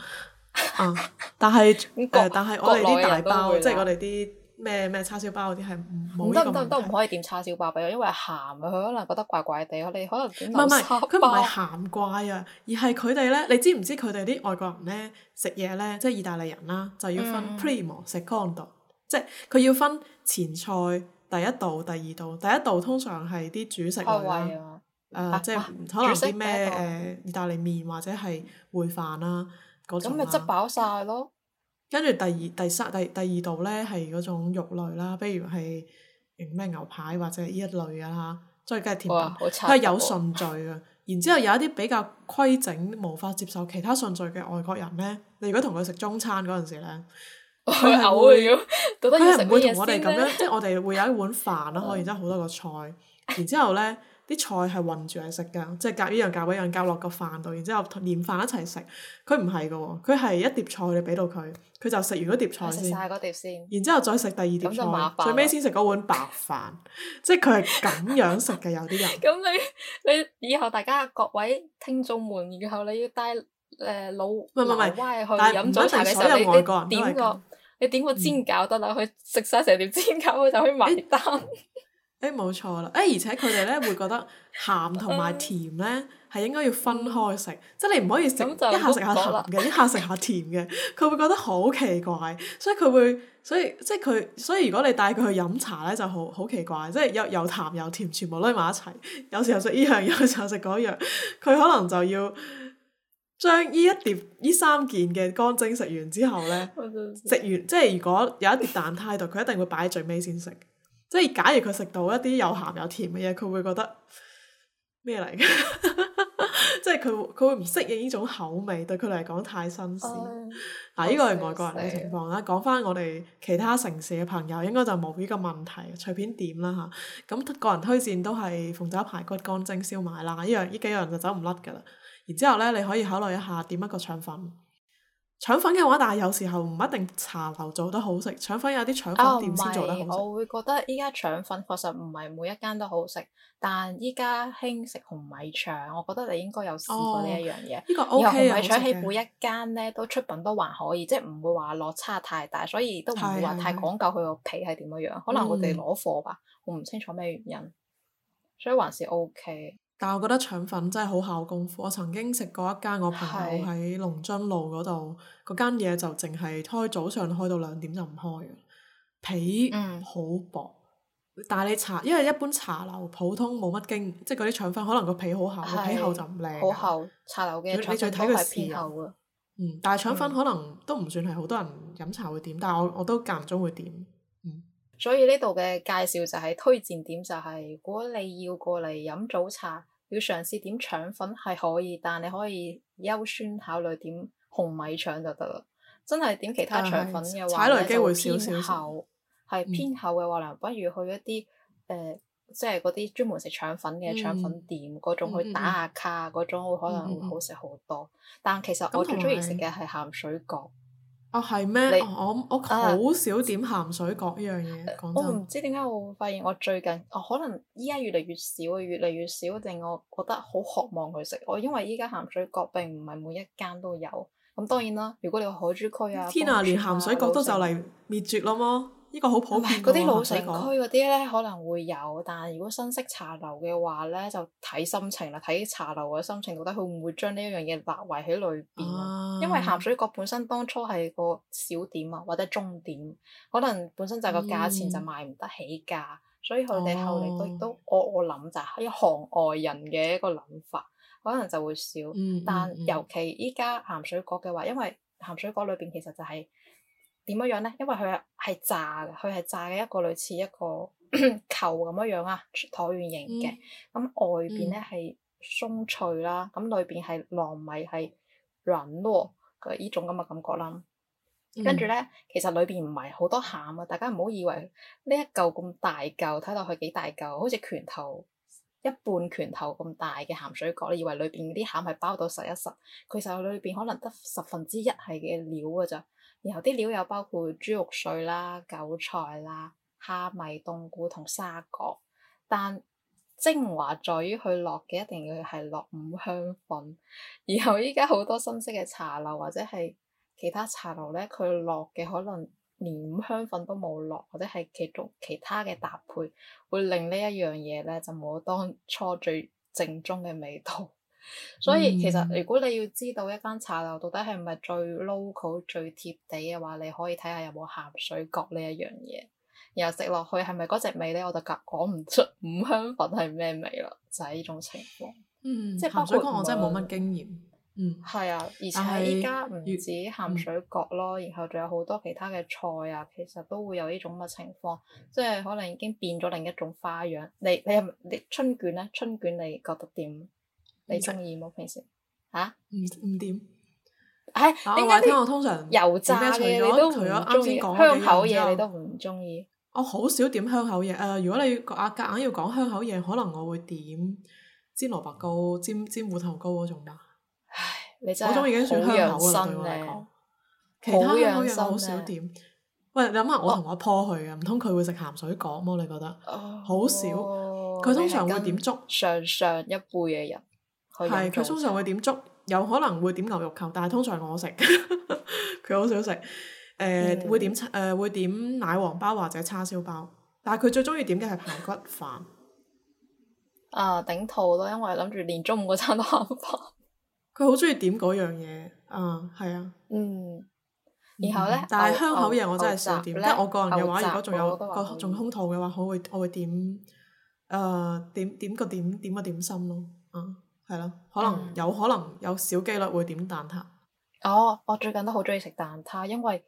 但係誒，但係各、呃、我哋啲大包，即係 我哋啲。咩咩叉燒包嗰啲係唔好得唔得唔可以點叉燒包俾我，因為鹹啊，佢可能覺得怪怪地。我哋可能點叉唔係佢唔係鹹怪啊，而係佢哋呢，你知唔知佢哋啲外國人呢？食嘢呢，即係意大利人啦、啊，就要分 primo secondo、嗯、即係佢要分前菜第一道、第二道。第一道通常係啲主食嚟啦、啊，誒、啊、即係可能啲咩誒意大利麵或者係燴飯啦嗰種啦。咁咪執飽曬咯～跟住第二、第三、第二第二道呢，係嗰種肉類啦，比如係咩牛排或者呢一類噶啦，再梗係甜品，係有順序嘅。 然之後有一啲比較規整，無法接受其他順序嘅外國人呢，你如果同佢食中餐嗰陣時呢，佢係 會，佢係唔會同我哋咁樣，即係我哋會有一碗飯啦，然之後好多個菜，然之後呢。啲菜係混住嚟食噶，即係夾依樣夾嗰樣夾落個飯度，然之後連飯一齊食。佢唔係噶，佢係一碟菜你俾到佢，佢就食完嗰碟菜先。晒碟先，然之後再食第二碟菜，最尾先食嗰碗白飯，即係佢係咁樣食嘅。有啲人。咁你你以後大家各位聽眾們，然後你要帶誒老唔係唔係唔係去飲早茶外國人。點個你點個煎餃得啦，佢食晒成碟煎餃，佢就可以埋單。誒冇錯啦！誒而且佢哋咧會覺得鹹同埋甜咧係 應該要分開食，即係你唔可以食一下食下鹹嘅，一下食下， 下，下甜嘅，佢會覺得好奇怪，所以佢會所以即係佢所以如果你帶佢去飲茶咧就好好奇怪，即係又又鹹又甜，全部攞埋一齊， 有時候食呢樣，有時候食嗰樣，佢 可能就要將呢一碟呢 三件嘅乾蒸食完之後咧，食 完即係如果有一碟蛋撻喺度，佢一定會擺喺最尾先食。即係假如佢食到一啲有鹹有甜嘅嘢，佢會覺得咩嚟嘅？ 即係佢佢會唔適應呢種口味，對佢嚟講太新鮮。嗱、哎，依個係外國人嘅情況啦。講翻、哎、我哋其他城市嘅朋友，應該就冇呢個問題，隨便點啦嚇。咁、啊那個人推薦都係鳳爪、排骨、乾蒸、燒賣啦。呢樣依幾樣就走唔甩㗎啦。然之後呢，你可以考慮一下點一個腸粉。腸粉嘅話，但係有時候唔一定茶樓做得好食，腸粉有啲腸粉店先、哦、做得好食。我會覺得依家腸粉確實唔係每一間都好食，但依家興食紅米腸，我覺得你應該有試過呢、哦、一樣嘢。呢個、OK、紅米腸喺每一間咧都出品都還可以，即係唔會話落差太大，所以都唔會話太講究佢個皮係點樣樣。可能我哋攞貨吧，我唔、嗯、清楚咩原因，所以還是 O K。但係我覺得腸粉真係好考功夫。我曾經食過一間，我朋友喺龍津路嗰度嗰間嘢就淨係開早上開到兩點就唔開。皮好薄，嗯、但係你茶，因為一般茶樓普通冇乜經，即係嗰啲腸粉可能個皮好厚，個皮厚就唔靚。好厚茶樓嘅腸粉，你最睇佢皮厚啊。嗯，但係腸粉可能都唔算係好多人飲茶會點，嗯、但係我我都間唔中會點。嗯，所以呢度嘅介紹就係推薦點就係、是，如果你要過嚟飲早茶。要嘗試點腸粉係可以，但你可以優先考慮點紅米腸就得啦。真係點其他腸粉嘅話咧，就偏厚，係偏厚嘅話咧，不如去一啲誒，即係嗰啲專門食腸粉嘅腸粉店嗰、嗯、種，去打下卡嗰種，會可能會好食好多。嗯嗯嗯嗯嗯、但其實我最中意食嘅係鹹水角。啊係咩你？我我好少點鹹水角呢樣嘢，講、啊、真。我唔知點解我發現我最近，哦、啊、可能依家越嚟越少，越嚟越少，令我覺得好渴望去食。我因為依家鹹水角並唔係每一間都有。咁當然啦，如果你去海珠區啊，天哪啊，連鹹水角都就嚟滅絕咯。呢個好普遍嗰啲、嗯、老城區嗰啲咧可能會有，但係如果新式茶樓嘅話咧，就睇心情啦，睇茶樓嘅心情到底佢會唔會將呢一樣嘢納為喺裏邊。啊、因為鹹水角本身當初係個小點啊，或者中點，可能本身就係個價錢就賣唔得起價，嗯、所以佢哋後嚟都都，我我諗就係有行外人嘅一個諗法，可能就會少。嗯、但尤其依家鹹水角嘅話，因為鹹水角裏邊其實就係、是。點乜樣咧？因為佢係炸嘅，佢係炸嘅一個類似一個 球咁樣啊，橢圓形嘅。咁、嗯、外邊咧係鬆脆啦，咁裏邊係糯米係軟喎，佢依種咁嘅感覺啦。嗯、跟住咧，其實裏邊唔係好多餡啊！大家唔好以為呢一嚿咁大嚿，睇落去幾大嚿，好似拳頭一半拳頭咁大嘅鹹水角，你以為裏邊啲餡係包到實一實？佢實在裏邊可能得十分之一係嘅料㗎咋～然後啲料又包括豬肉碎啦、韭菜啦、蝦米、冬菇同沙葛，但精華在於佢落嘅一定要係落五香粉。然後依家好多新式嘅茶樓或者係其他茶樓咧，佢落嘅可能連五香粉都冇落，或者係其中其他嘅搭配，會令呢一樣嘢咧就冇當初最正宗嘅味道。所以其實如果你要知道一間茶樓到底係咪最 local 最貼地嘅話，你可以睇下有冇鹹水角呢一樣嘢，然後食落去係咪嗰隻味咧，我就夾講唔出五香粉係咩味啦，就係呢種情況。嗯，即係鹹水角我真係冇乜經驗。嗯，係啊，而且依家唔止鹹水角咯，然後仲有好多其他嘅菜啊，其實都會有呢種乜情況，即係可能已經變咗另一種花樣。你你係你春卷咧？春卷你覺得點？你中意冇平時吓？唔唔點。唉，係點解？我通常油炸，除咗啱先講，香口嘢你都唔中意。我好少點香口嘢誒。如果你阿夾硬要講香口嘢，可能我會點煎蘿蔔糕、煎煎芋頭糕嗰種吧。唉，你嗰種已經算香口啦，對我嚟講。其他香口嘢好少點。喂，諗下我同我阿婆去啊，唔通佢會食鹹水角？麼？你覺得？好少。佢通常會點粥。上上一輩嘅人，係佢通常會點粥，有可能會點牛肉球，但係通常我食，佢好少食。誒，會點誒會點奶黃包或者叉燒包，但係佢最中意點嘅係排骨飯。啊，頂肚咯，因為諗住連中午嗰餐都慳翻。佢好中意點嗰樣嘢，啊，係啊。嗯。然後呢，但係香口嘢我真係少點，因為我個人嘅話，如果仲有個仲空肚嘅話，我會我會點誒點點個點點個點心咯，啊。係咯，可能、嗯、有可能有小機率會點蛋撻。哦，我最近都好中意食蛋撻，因為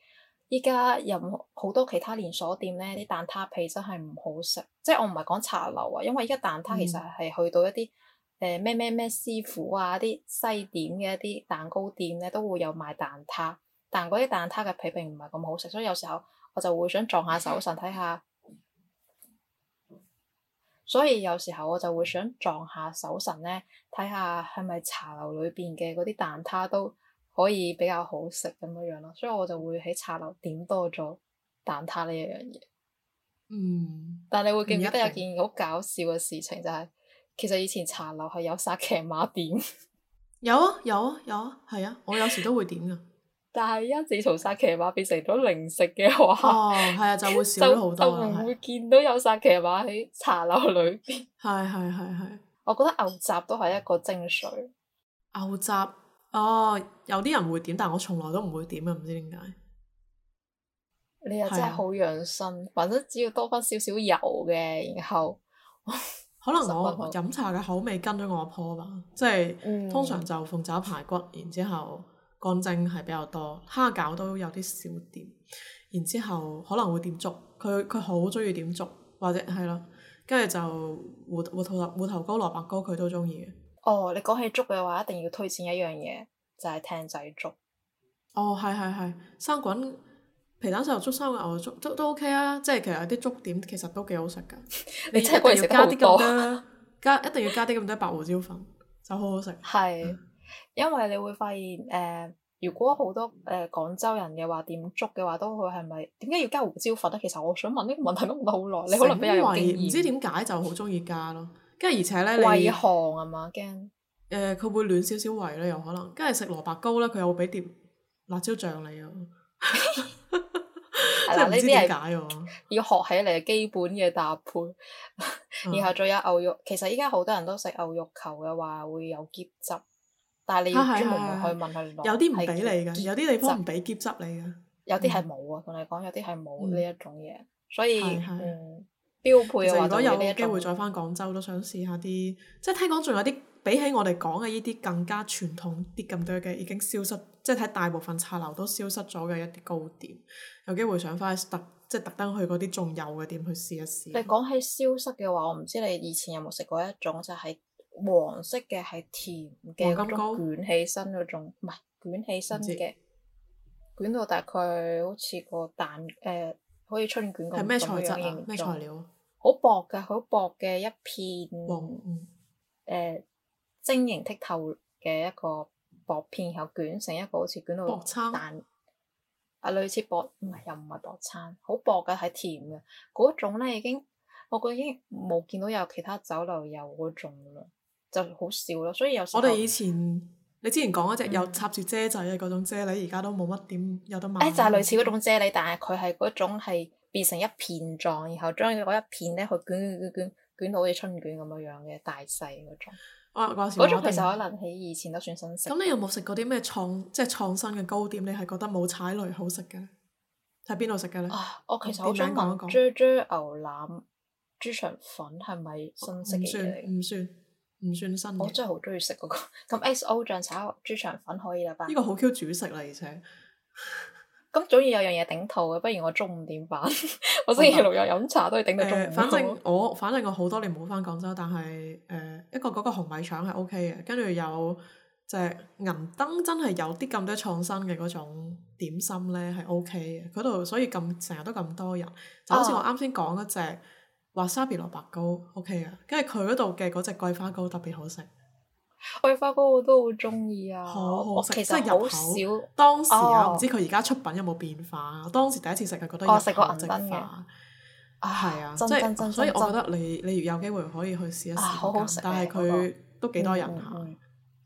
依家有好多其他連鎖店咧，啲蛋撻皮真係唔好食。即係我唔係講茶樓啊，因為依家蛋撻其實係去到一啲誒咩咩咩師傅啊，啲西點嘅一啲蛋糕店咧都會有賣蛋撻，但嗰啲蛋撻嘅皮並唔係咁好食，所以有時候我就會想撞下手的神睇下。所以有時候我就會想撞下手神咧，睇下係咪茶樓裏邊嘅嗰啲蛋撻都可以比較好食咁樣咯，所以我就會喺茶樓點多咗蛋撻呢一樣嘢。嗯，但你會記唔記得有件好搞笑嘅事情就係、是，其實以前茶樓係有殺騎馬點。有啊有啊有啊，係啊，啊，啊，我有時都會點啊。 但係，一自從薩琪瑪變成咗零食嘅話，係啊、哦，就會少咗好多啊！ 就唔會見到有薩琪瑪喺茶樓裏邊。係係係係。我覺得牛雜都係一個精髓。牛雜，哦，有啲人會點，但我從來都唔會點啊！唔知點解。你又真係好養生，的反正只要多翻少少油嘅，然後 可能我，我飲茶嘅口味跟咗我阿婆吧，即係、嗯、通常就鳳爪排骨，然之後。乾蒸係比較多，蝦餃都有啲少點，然之後可能會點粥，佢佢好中意點粥或者係咯，跟住就芋芋頭、芋頭糕、蘿蔔糕佢都中意嘅。哦，你講起粥嘅話，一定要推薦一樣嘢就係艇仔粥。哦，係係係，生滾皮蛋瘦肉粥、生牛肉粥都都 OK 啊！即係其實啲粥點其實都幾好食噶。你即係一定要加啲咁多，加一定要加啲咁多白胡椒粉就好好食。係。因為你會發現，誒、呃，如果好多誒廣、呃、州人嘅話點粥嘅話，都佢係咪點解要加胡椒粉咧？其實我想問呢、這個問題都問咗好耐，來你可能俾人懷疑，唔知點解就好中意加咯。跟住而且咧，胃寒吖嘛驚？誒，佢會暖少少胃咧，有可能。跟住食蘿蔔糕咧，佢又會俾碟辣椒醬你啊。即係呢啲解？要學起嚟基本嘅搭配，嗯、然後仲有牛肉。其實依家好多人都食牛肉球嘅話，會有喼汁。但係你要專門，門去問佢有啲唔俾你嘅，有啲地方唔俾攪攪你嘅。有啲係冇啊，同你講有啲係冇呢一種嘢，所以是是、嗯、標配啊！如果有機會再翻廣州，都想試下啲，即係聽講仲有啲比起我哋講嘅呢啲更加傳統啲咁多嘅，已經消失，即係睇大部分茶樓都消失咗嘅一啲糕點，有機會想翻、就是、去特即係特登去嗰啲仲有嘅店去試一試。你講起消失嘅話，我唔知你以前有冇食過一種就係、是。黃色嘅係甜嘅，捲起身嗰種唔係捲起身嘅，捲到大概好似個蛋誒，好似春卷咁樣嘅樣嘅。係咩材料？好薄嘅，好薄嘅一片黃，誒晶瑩剔透嘅一個薄片，然後捲成一個好似捲到蛋，啊類似薄唔係又唔係薄餐，好薄嘅係甜嘅嗰種咧，已經我覺得已經冇見到有其他酒樓有嗰種啦。就好少咯，所以有時我哋以前，嗯、你之前講一隻有插住遮仔嘅嗰種啫喱，而家、嗯、都冇乜點有得買。誒，就係類似嗰種啫喱，但係佢係嗰種係變成一片狀，然後將嗰一片咧去捲卷卷捲，捲到好似春卷咁樣樣嘅大細嗰種。嗰、啊、種其實可能喺以前都算新式。咁你有冇食過啲咩創即係創新嘅糕點？你係覺得冇踩雷好食嘅？喺邊度食嘅咧？啊，我其實好、嗯、怎樣 想講啫啫牛腩豬腸粉係咪新式嘅？唔算。唔算新，我、哦、真係好中意食嗰個。咁 xo 醬炒豬腸粉可以啦吧？呢個好 Q 主食啦、啊，而且咁總要有樣嘢頂肚嘅。不如我中午點辦？ 嗯、我星期六日飲茶都要頂到中午、呃。反正我，反正我好多年冇翻廣州，但係誒、呃，一個嗰個紅米腸係 OK 嘅，跟住有隻銀燈真係有啲咁多創新嘅嗰種點心呢係 OK 嘅。嗰度所以咁成日都咁多人，就好似我啱先講嗰隻。啊話沙皮蘿蔔糕 OK 啊，跟住佢嗰度嘅嗰隻桂花糕特別好食。桂花糕我都好中意啊，好好食，其實有少，當時啊，我唔知佢而家出品有冇變化。當時第一次食係覺得食過銀針嘅，係啊，真係所以我覺得你你有機會可以去試一試。但係佢都幾多人啊，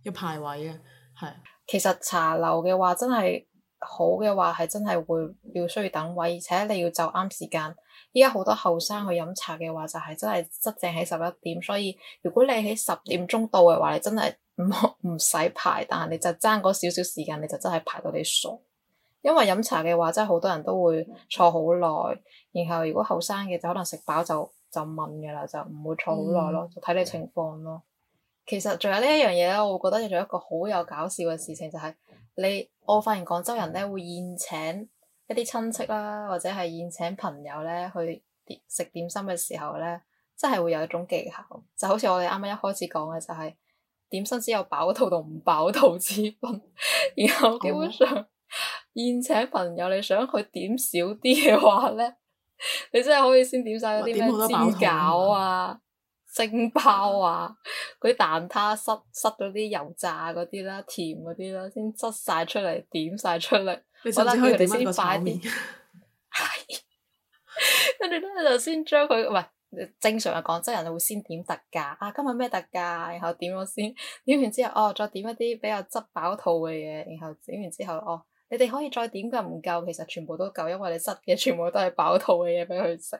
要排位啊。係。其實茶樓嘅話真係好嘅話係真係會要需要等位，而且你要就啱時間。依家好多後生去飲茶嘅話，就係、是、真係執正喺十一點，所以如果你喺十點鐘到嘅話，你真係唔唔使排，但係你就爭嗰少少時間，你就真係排到你傻。因為飲茶嘅話，真係好多人都會坐好耐，然後如果後生嘅就可能食飽就就問嘅啦，就唔會坐好耐咯，睇你情況咯。嗯、其實仲有呢一樣嘢咧，我覺得仲有一個好有搞笑嘅事情，就係、是、你我發現廣州人咧會宴請。一啲親戚啦、啊，或者係宴請朋友咧，去食點，點心嘅時候咧，真係會有一種技巧。就好似我哋啱啱一開始講嘅、就是，就係點心只有飽肚同唔飽肚之分。然後基本上宴請朋友，你想佢點少啲嘅話咧，你真係可以先點晒嗰啲咩煎餃啊、蒸包啊、嗰啲蛋撻、塞塞嗰啲油炸嗰啲啦、甜嗰啲啦，先塞晒出嚟，點晒出嚟。好啦，叫佢哋先快啲，係， 跟住咧就先將佢唔係正常嘅廣州人會先點特價啊，今日咩特價，然後點咗先，點完之後哦，再點一啲比較執飽肚嘅嘢，然後點完之後哦，你哋可以再點嘅唔夠，其實全部都夠，因為你塞嘅全部都係飽肚嘅嘢俾佢食，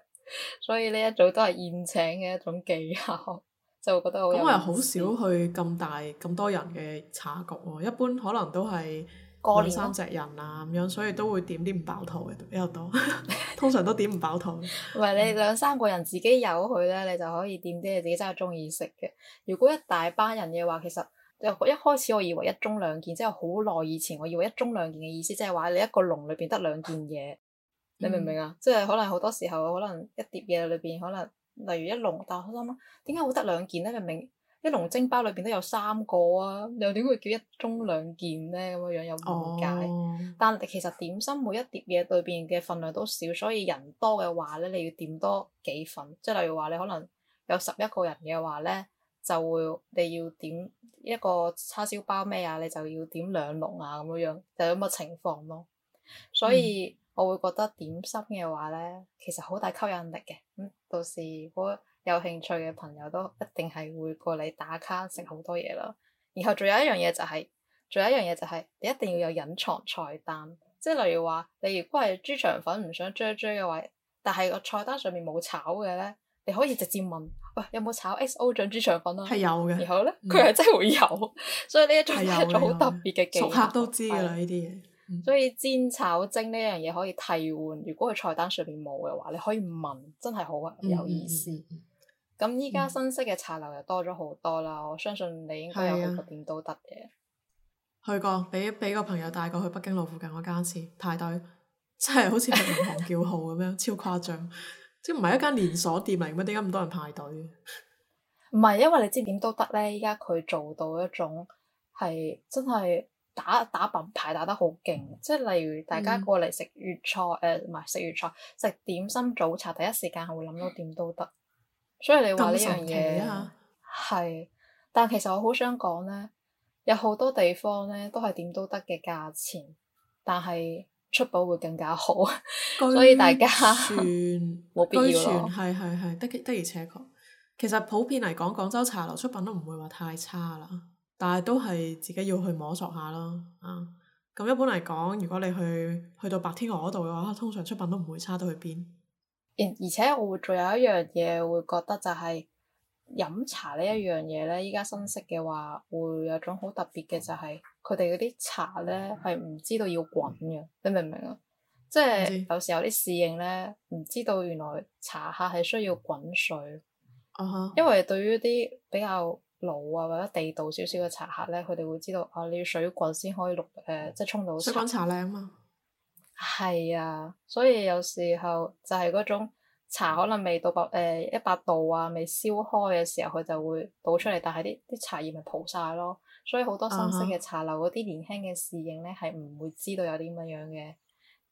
所以呢一組都係宴請嘅一種技巧，就會覺得好。因為我好少去咁大咁多人嘅茶局喎，一般可能都係。乾兩三隻人啊咁樣，所以都會點啲唔飽肚嘅比較多， 通常都點唔飽肚。唔係 你兩三個人自己有去咧，你就可以點啲你自己真係中意食嘅。如果一大班人嘅話，其實就一開始我以為一盅兩件，即係好耐以前我以為一盅兩件嘅意思，即係話你一個籠裏邊得兩件嘢， 你明唔明啊？嗯，即係可能好多時候，可能一碟嘢裏邊可能，例如一籠，但係我諗點解會得兩件咧？你明？一籠蒸包裏邊都有三個啊，又點會叫一盅兩件呢？咁樣樣又唔解。Oh. 但其實點心每一碟嘢裏邊嘅份量都少，所以人多嘅話呢，你要點多幾份。即係例如話你可能有十一個人嘅話呢，就會你要點一個叉燒包咩啊？你就要點兩籠啊咁樣就咁嘅情況咯。所以我會覺得點心嘅話呢，其實好大吸引力嘅。咁、嗯、到時有興趣嘅朋友都一定係會過嚟打卡食好多嘢啦。然後仲有一樣嘢就係、是，仲有一樣嘢就係、是，你一定要有隱藏菜單。即係例如話，你如果係豬腸粉唔想追追嘅話，但係個菜單上面冇炒嘅咧，你可以直接問，喂、哎，有冇炒 XO 醬豬腸粉啊？係有嘅、嗯。然後咧，佢係真係會有，嗯、所以呢一種係一種好特別嘅技巧，熟客都知噶啦呢啲嘢。對所以煎炒蒸呢樣嘢可以替換，如果佢菜單上面冇嘅話，你可以問，真係好有意思。嗯嗯。咁依家新式嘅茶樓又多咗好多啦，我相信你應該有好多點都得嘅。的去過，俾俾個朋友帶過去北京路附近嗰間先，排隊真係好似係銀行叫號咁樣， 超誇張。即係唔係一間連鎖店嚟咩？點解咁多人排隊？唔係因為你知點都得呢。依家佢做到一種係真係打打品牌打得好勁，即係、嗯、例如大家過嚟食粵菜，誒唔係食粵菜，食點心早茶，第一時間係會諗到點都得。所以你話呢樣嘢係、啊，但其實我好想講呢，有好多地方呢都係點都得嘅價錢，但係出品會更加好，據 所以大家算，冇傳必要咯。係係係，的的，的而且確，其實普遍嚟講，廣州茶樓出品都唔會話太差啦，但係都係自己要去摸索下咯。啊，咁一般嚟講，如果你去去到白天鵝度嘅話，通常出品都唔會差到去邊。而且我會仲有一樣嘢會覺得就係飲茶呢一樣嘢咧，依家新式嘅話，會有種好特別嘅就係佢哋嗰啲茶咧係唔知道要滾嘅，你明唔明啊？即係有時候啲侍應咧唔知道原來茶客係需要滾水，uh huh. 因為對於啲比較老啊或者地道少少嘅茶客咧，佢哋會知道啊你要水滾先可以攞誒、呃、即係沖到。水滾茶靚啊嘛～係啊，所以有時候就係嗰種茶可能未到百誒一百度啊，未燒開嘅時候佢就會倒出嚟，但係啲啲茶葉咪泡晒咯。所以好多新式嘅茶樓嗰啲年輕嘅侍應咧，係唔會知道有啲乜樣嘅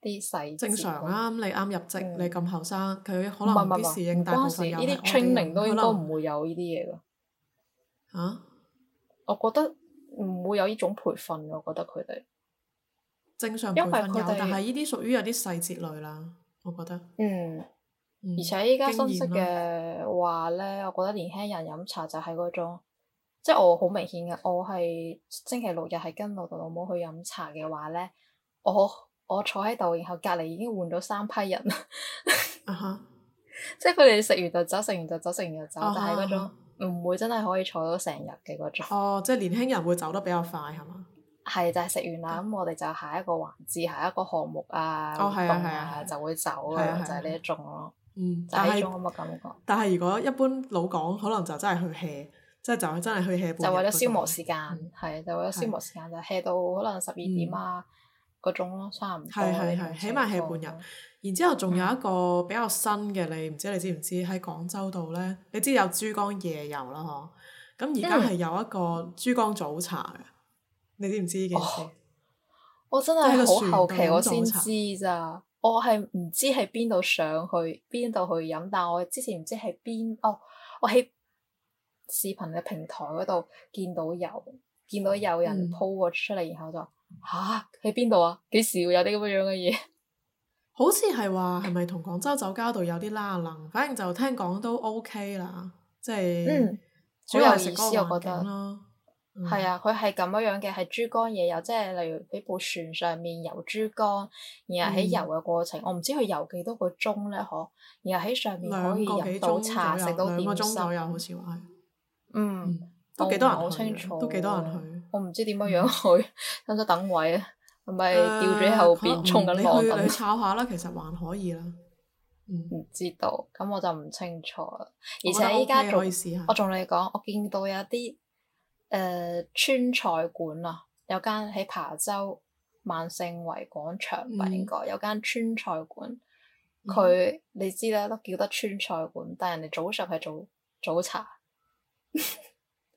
啲細。細正常啊，你啱入職，嗯、你咁後生，佢可能啲侍應大部分呢啲 training 都應該唔會有呢啲嘢㗎。嚇、啊？我覺得唔會有呢種培訓，我覺得佢哋。正常部分有，但係呢啲屬於有啲細節類啦，我覺得。嗯，嗯而且依家新式嘅話咧，啊、我覺得年輕人飲茶就係嗰種，即係我好明顯嘅，我係星期六日係跟老豆老母去飲茶嘅話咧，我我坐喺度，然後隔籬已經換咗三批人。啊、 uh huh. 即係佢哋食完就走，食完就走，食完就走，就係嗰種唔會真係可以坐到成日嘅嗰種。哦、uh，huh. oh, 即係年輕人會走得比較快，係嘛？係就係食完啦，咁我哋就下一個環節，下一個項目啊活動啊就會走嘅，就係呢一種咯。嗯，就係咁嘅感覺。但係如果一般老港，可能就真係去 hea，即係就真係去 hea 半日。就為咗消磨時間，係就為咗消磨時間，就 hea 到可能十二點啊嗰種咯，差唔多。係係係，起碼 hea 半日。然之後仲有一個比較新嘅，你唔知你知唔知？喺廣州度咧，你知有珠江夜遊啦，嗬。咁而家係有一個珠江早茶嘅。你知唔知呢件事？哦、我真係好後期我先知咋，我係唔知喺邊度上去，邊度去飲。但係我之前唔知喺邊哦，我喺視頻嘅平台嗰度見到有，見到有人 po 過出嚟，嗯、然後就吓喺邊度啊？幾、啊、時會有啲咁樣嘅嘢？好似係話係咪同廣州酒家度有啲啦能？嗯、反正就聽講都 OK 啦，即係好有意思、嗯，我覺得。係啊，佢係咁樣樣嘅，係珠江夜遊，即係例如喺部船上面遊珠江，然後喺遊嘅過程，我唔知佢遊幾多個鐘咧嗬，然後喺上面可以飲早茶食到點心，兩個鐘左右好似話嗯，都幾多人好清楚，都幾多人去。我唔知點樣樣去，有冇等位啊？係咪吊咗喺後邊衝緊浪？你去炒下啦，其實還可以啦。唔知道，咁我就唔清楚啦。而且依家我同你講，我見到有啲。誒，川、uh，菜館啊，有間喺琶洲萬盛圍廣場吧，應該、嗯、有間川菜館。佢、嗯、你知啦，都叫得川菜館，但係人哋早上係 做早茶，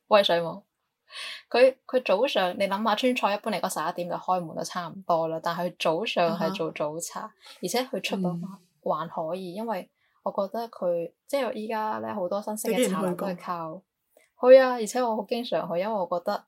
威水冇？佢佢早上你諗下，川菜一般嚟講十一點就開門就差唔多啦。但係佢早上係做早茶，而且佢出品還可以，嗯、因為我覺得佢即係依家咧好多新式嘅茶樓都係靠。去啊！而且我好經常去，因為我覺得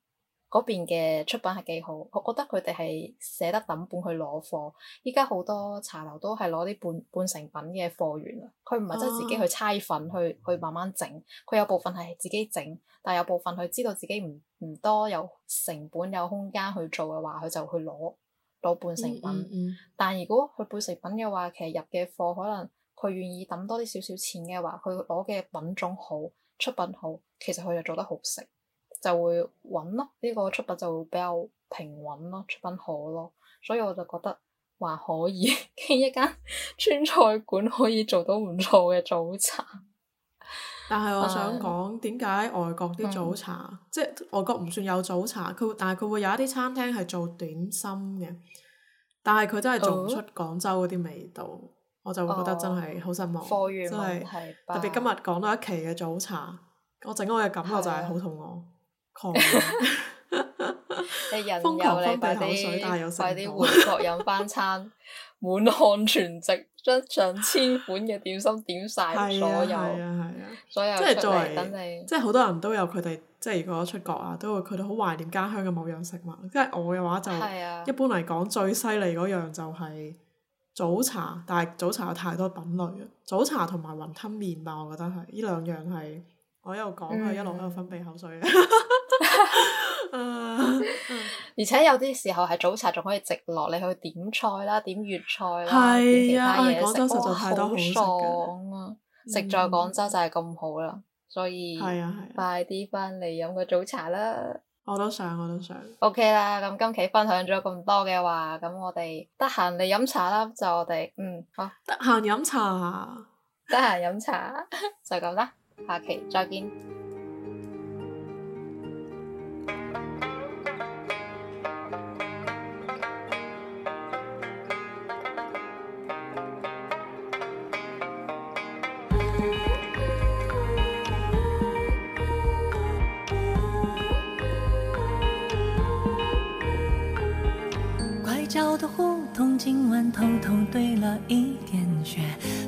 嗰邊嘅出品係幾好。我覺得佢哋係捨得抌本去攞貨。依家好多茶樓都係攞啲半半成品嘅貨源，佢唔係真係自己去猜粉去、啊、去，去慢慢整。佢有部分係自己整，但係有部分佢知道自己唔唔多有成本有空間去做嘅話，佢就去攞攞半成品。嗯嗯嗯、但如果佢半成品嘅話，其實入嘅貨可能佢願意抌多啲少少錢嘅話，佢攞嘅品種好。出品好，其實佢又做得好食，就會穩咯。呢、這個出品就會比較平穩咯，出品好咯。所以我就覺得還可以， 一間川菜館可以做到唔錯嘅早茶。但係我想講點解外國啲早茶，嗯、即係外國唔算有早茶，佢但係佢會有一啲餐廳係做點心嘅，但係佢真係做唔出廣州嗰啲味道。我就會覺得真係好失望，真係特別今日講到一期嘅早茶，我整我嘅感覺就係好肚餓，狂瘋狂飲大口水，帶有食快啲回國飲翻餐，滿漢全席，將上千款嘅點心點晒。所有，係啊係啊，即係作為，即係好多人都有佢哋，即係如果出國啊，都會佢哋好懷念家鄉嘅某樣食物。即係我嘅話就，一般嚟講最犀利嗰樣就係。早茶，但係早茶有太多品類啊！早茶同埋雲吞麵吧，我覺得係呢兩樣係我喺度講，佢、嗯、一路喺度分泌口水嘅、嗯。 而且有啲時候係早茶仲可以直落，你去點菜啦，點粵菜啦，啊、點其他嘢食，實在太多好食好爽啊！嗯、食在廣州就係咁好啦，所以快啲翻嚟飲個早茶啦～我都想，我都想。OK 啦，咁今期分享咗咁多嘅話，咁我哋得閒嚟飲茶啦，就我哋嗯，好、啊，得閒飲茶，茶，得閒飲茶，就咁啦，下期再見。的胡同今晚偷偷堆了一點雪，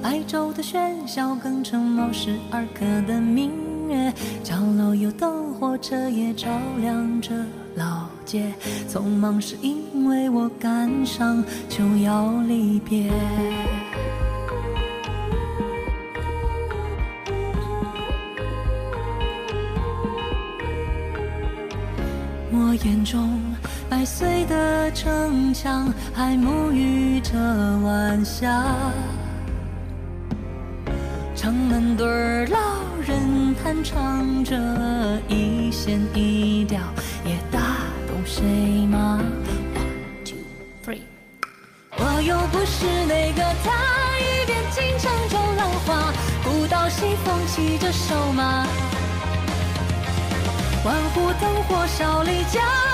白晝的喧囂更襯滿十二刻的明月，角落有燈火徹夜照亮着老街，匆忙是因為我趕上，就要離別，我眼中。碎的城牆還沐浴着晚霞，城門堆老人彈唱着一弦一調，也打動誰嗎？One, two, three. 我又不是那個他，一邊金城中浪花，古道西風騎着瘦馬，萬戶燈火少離家。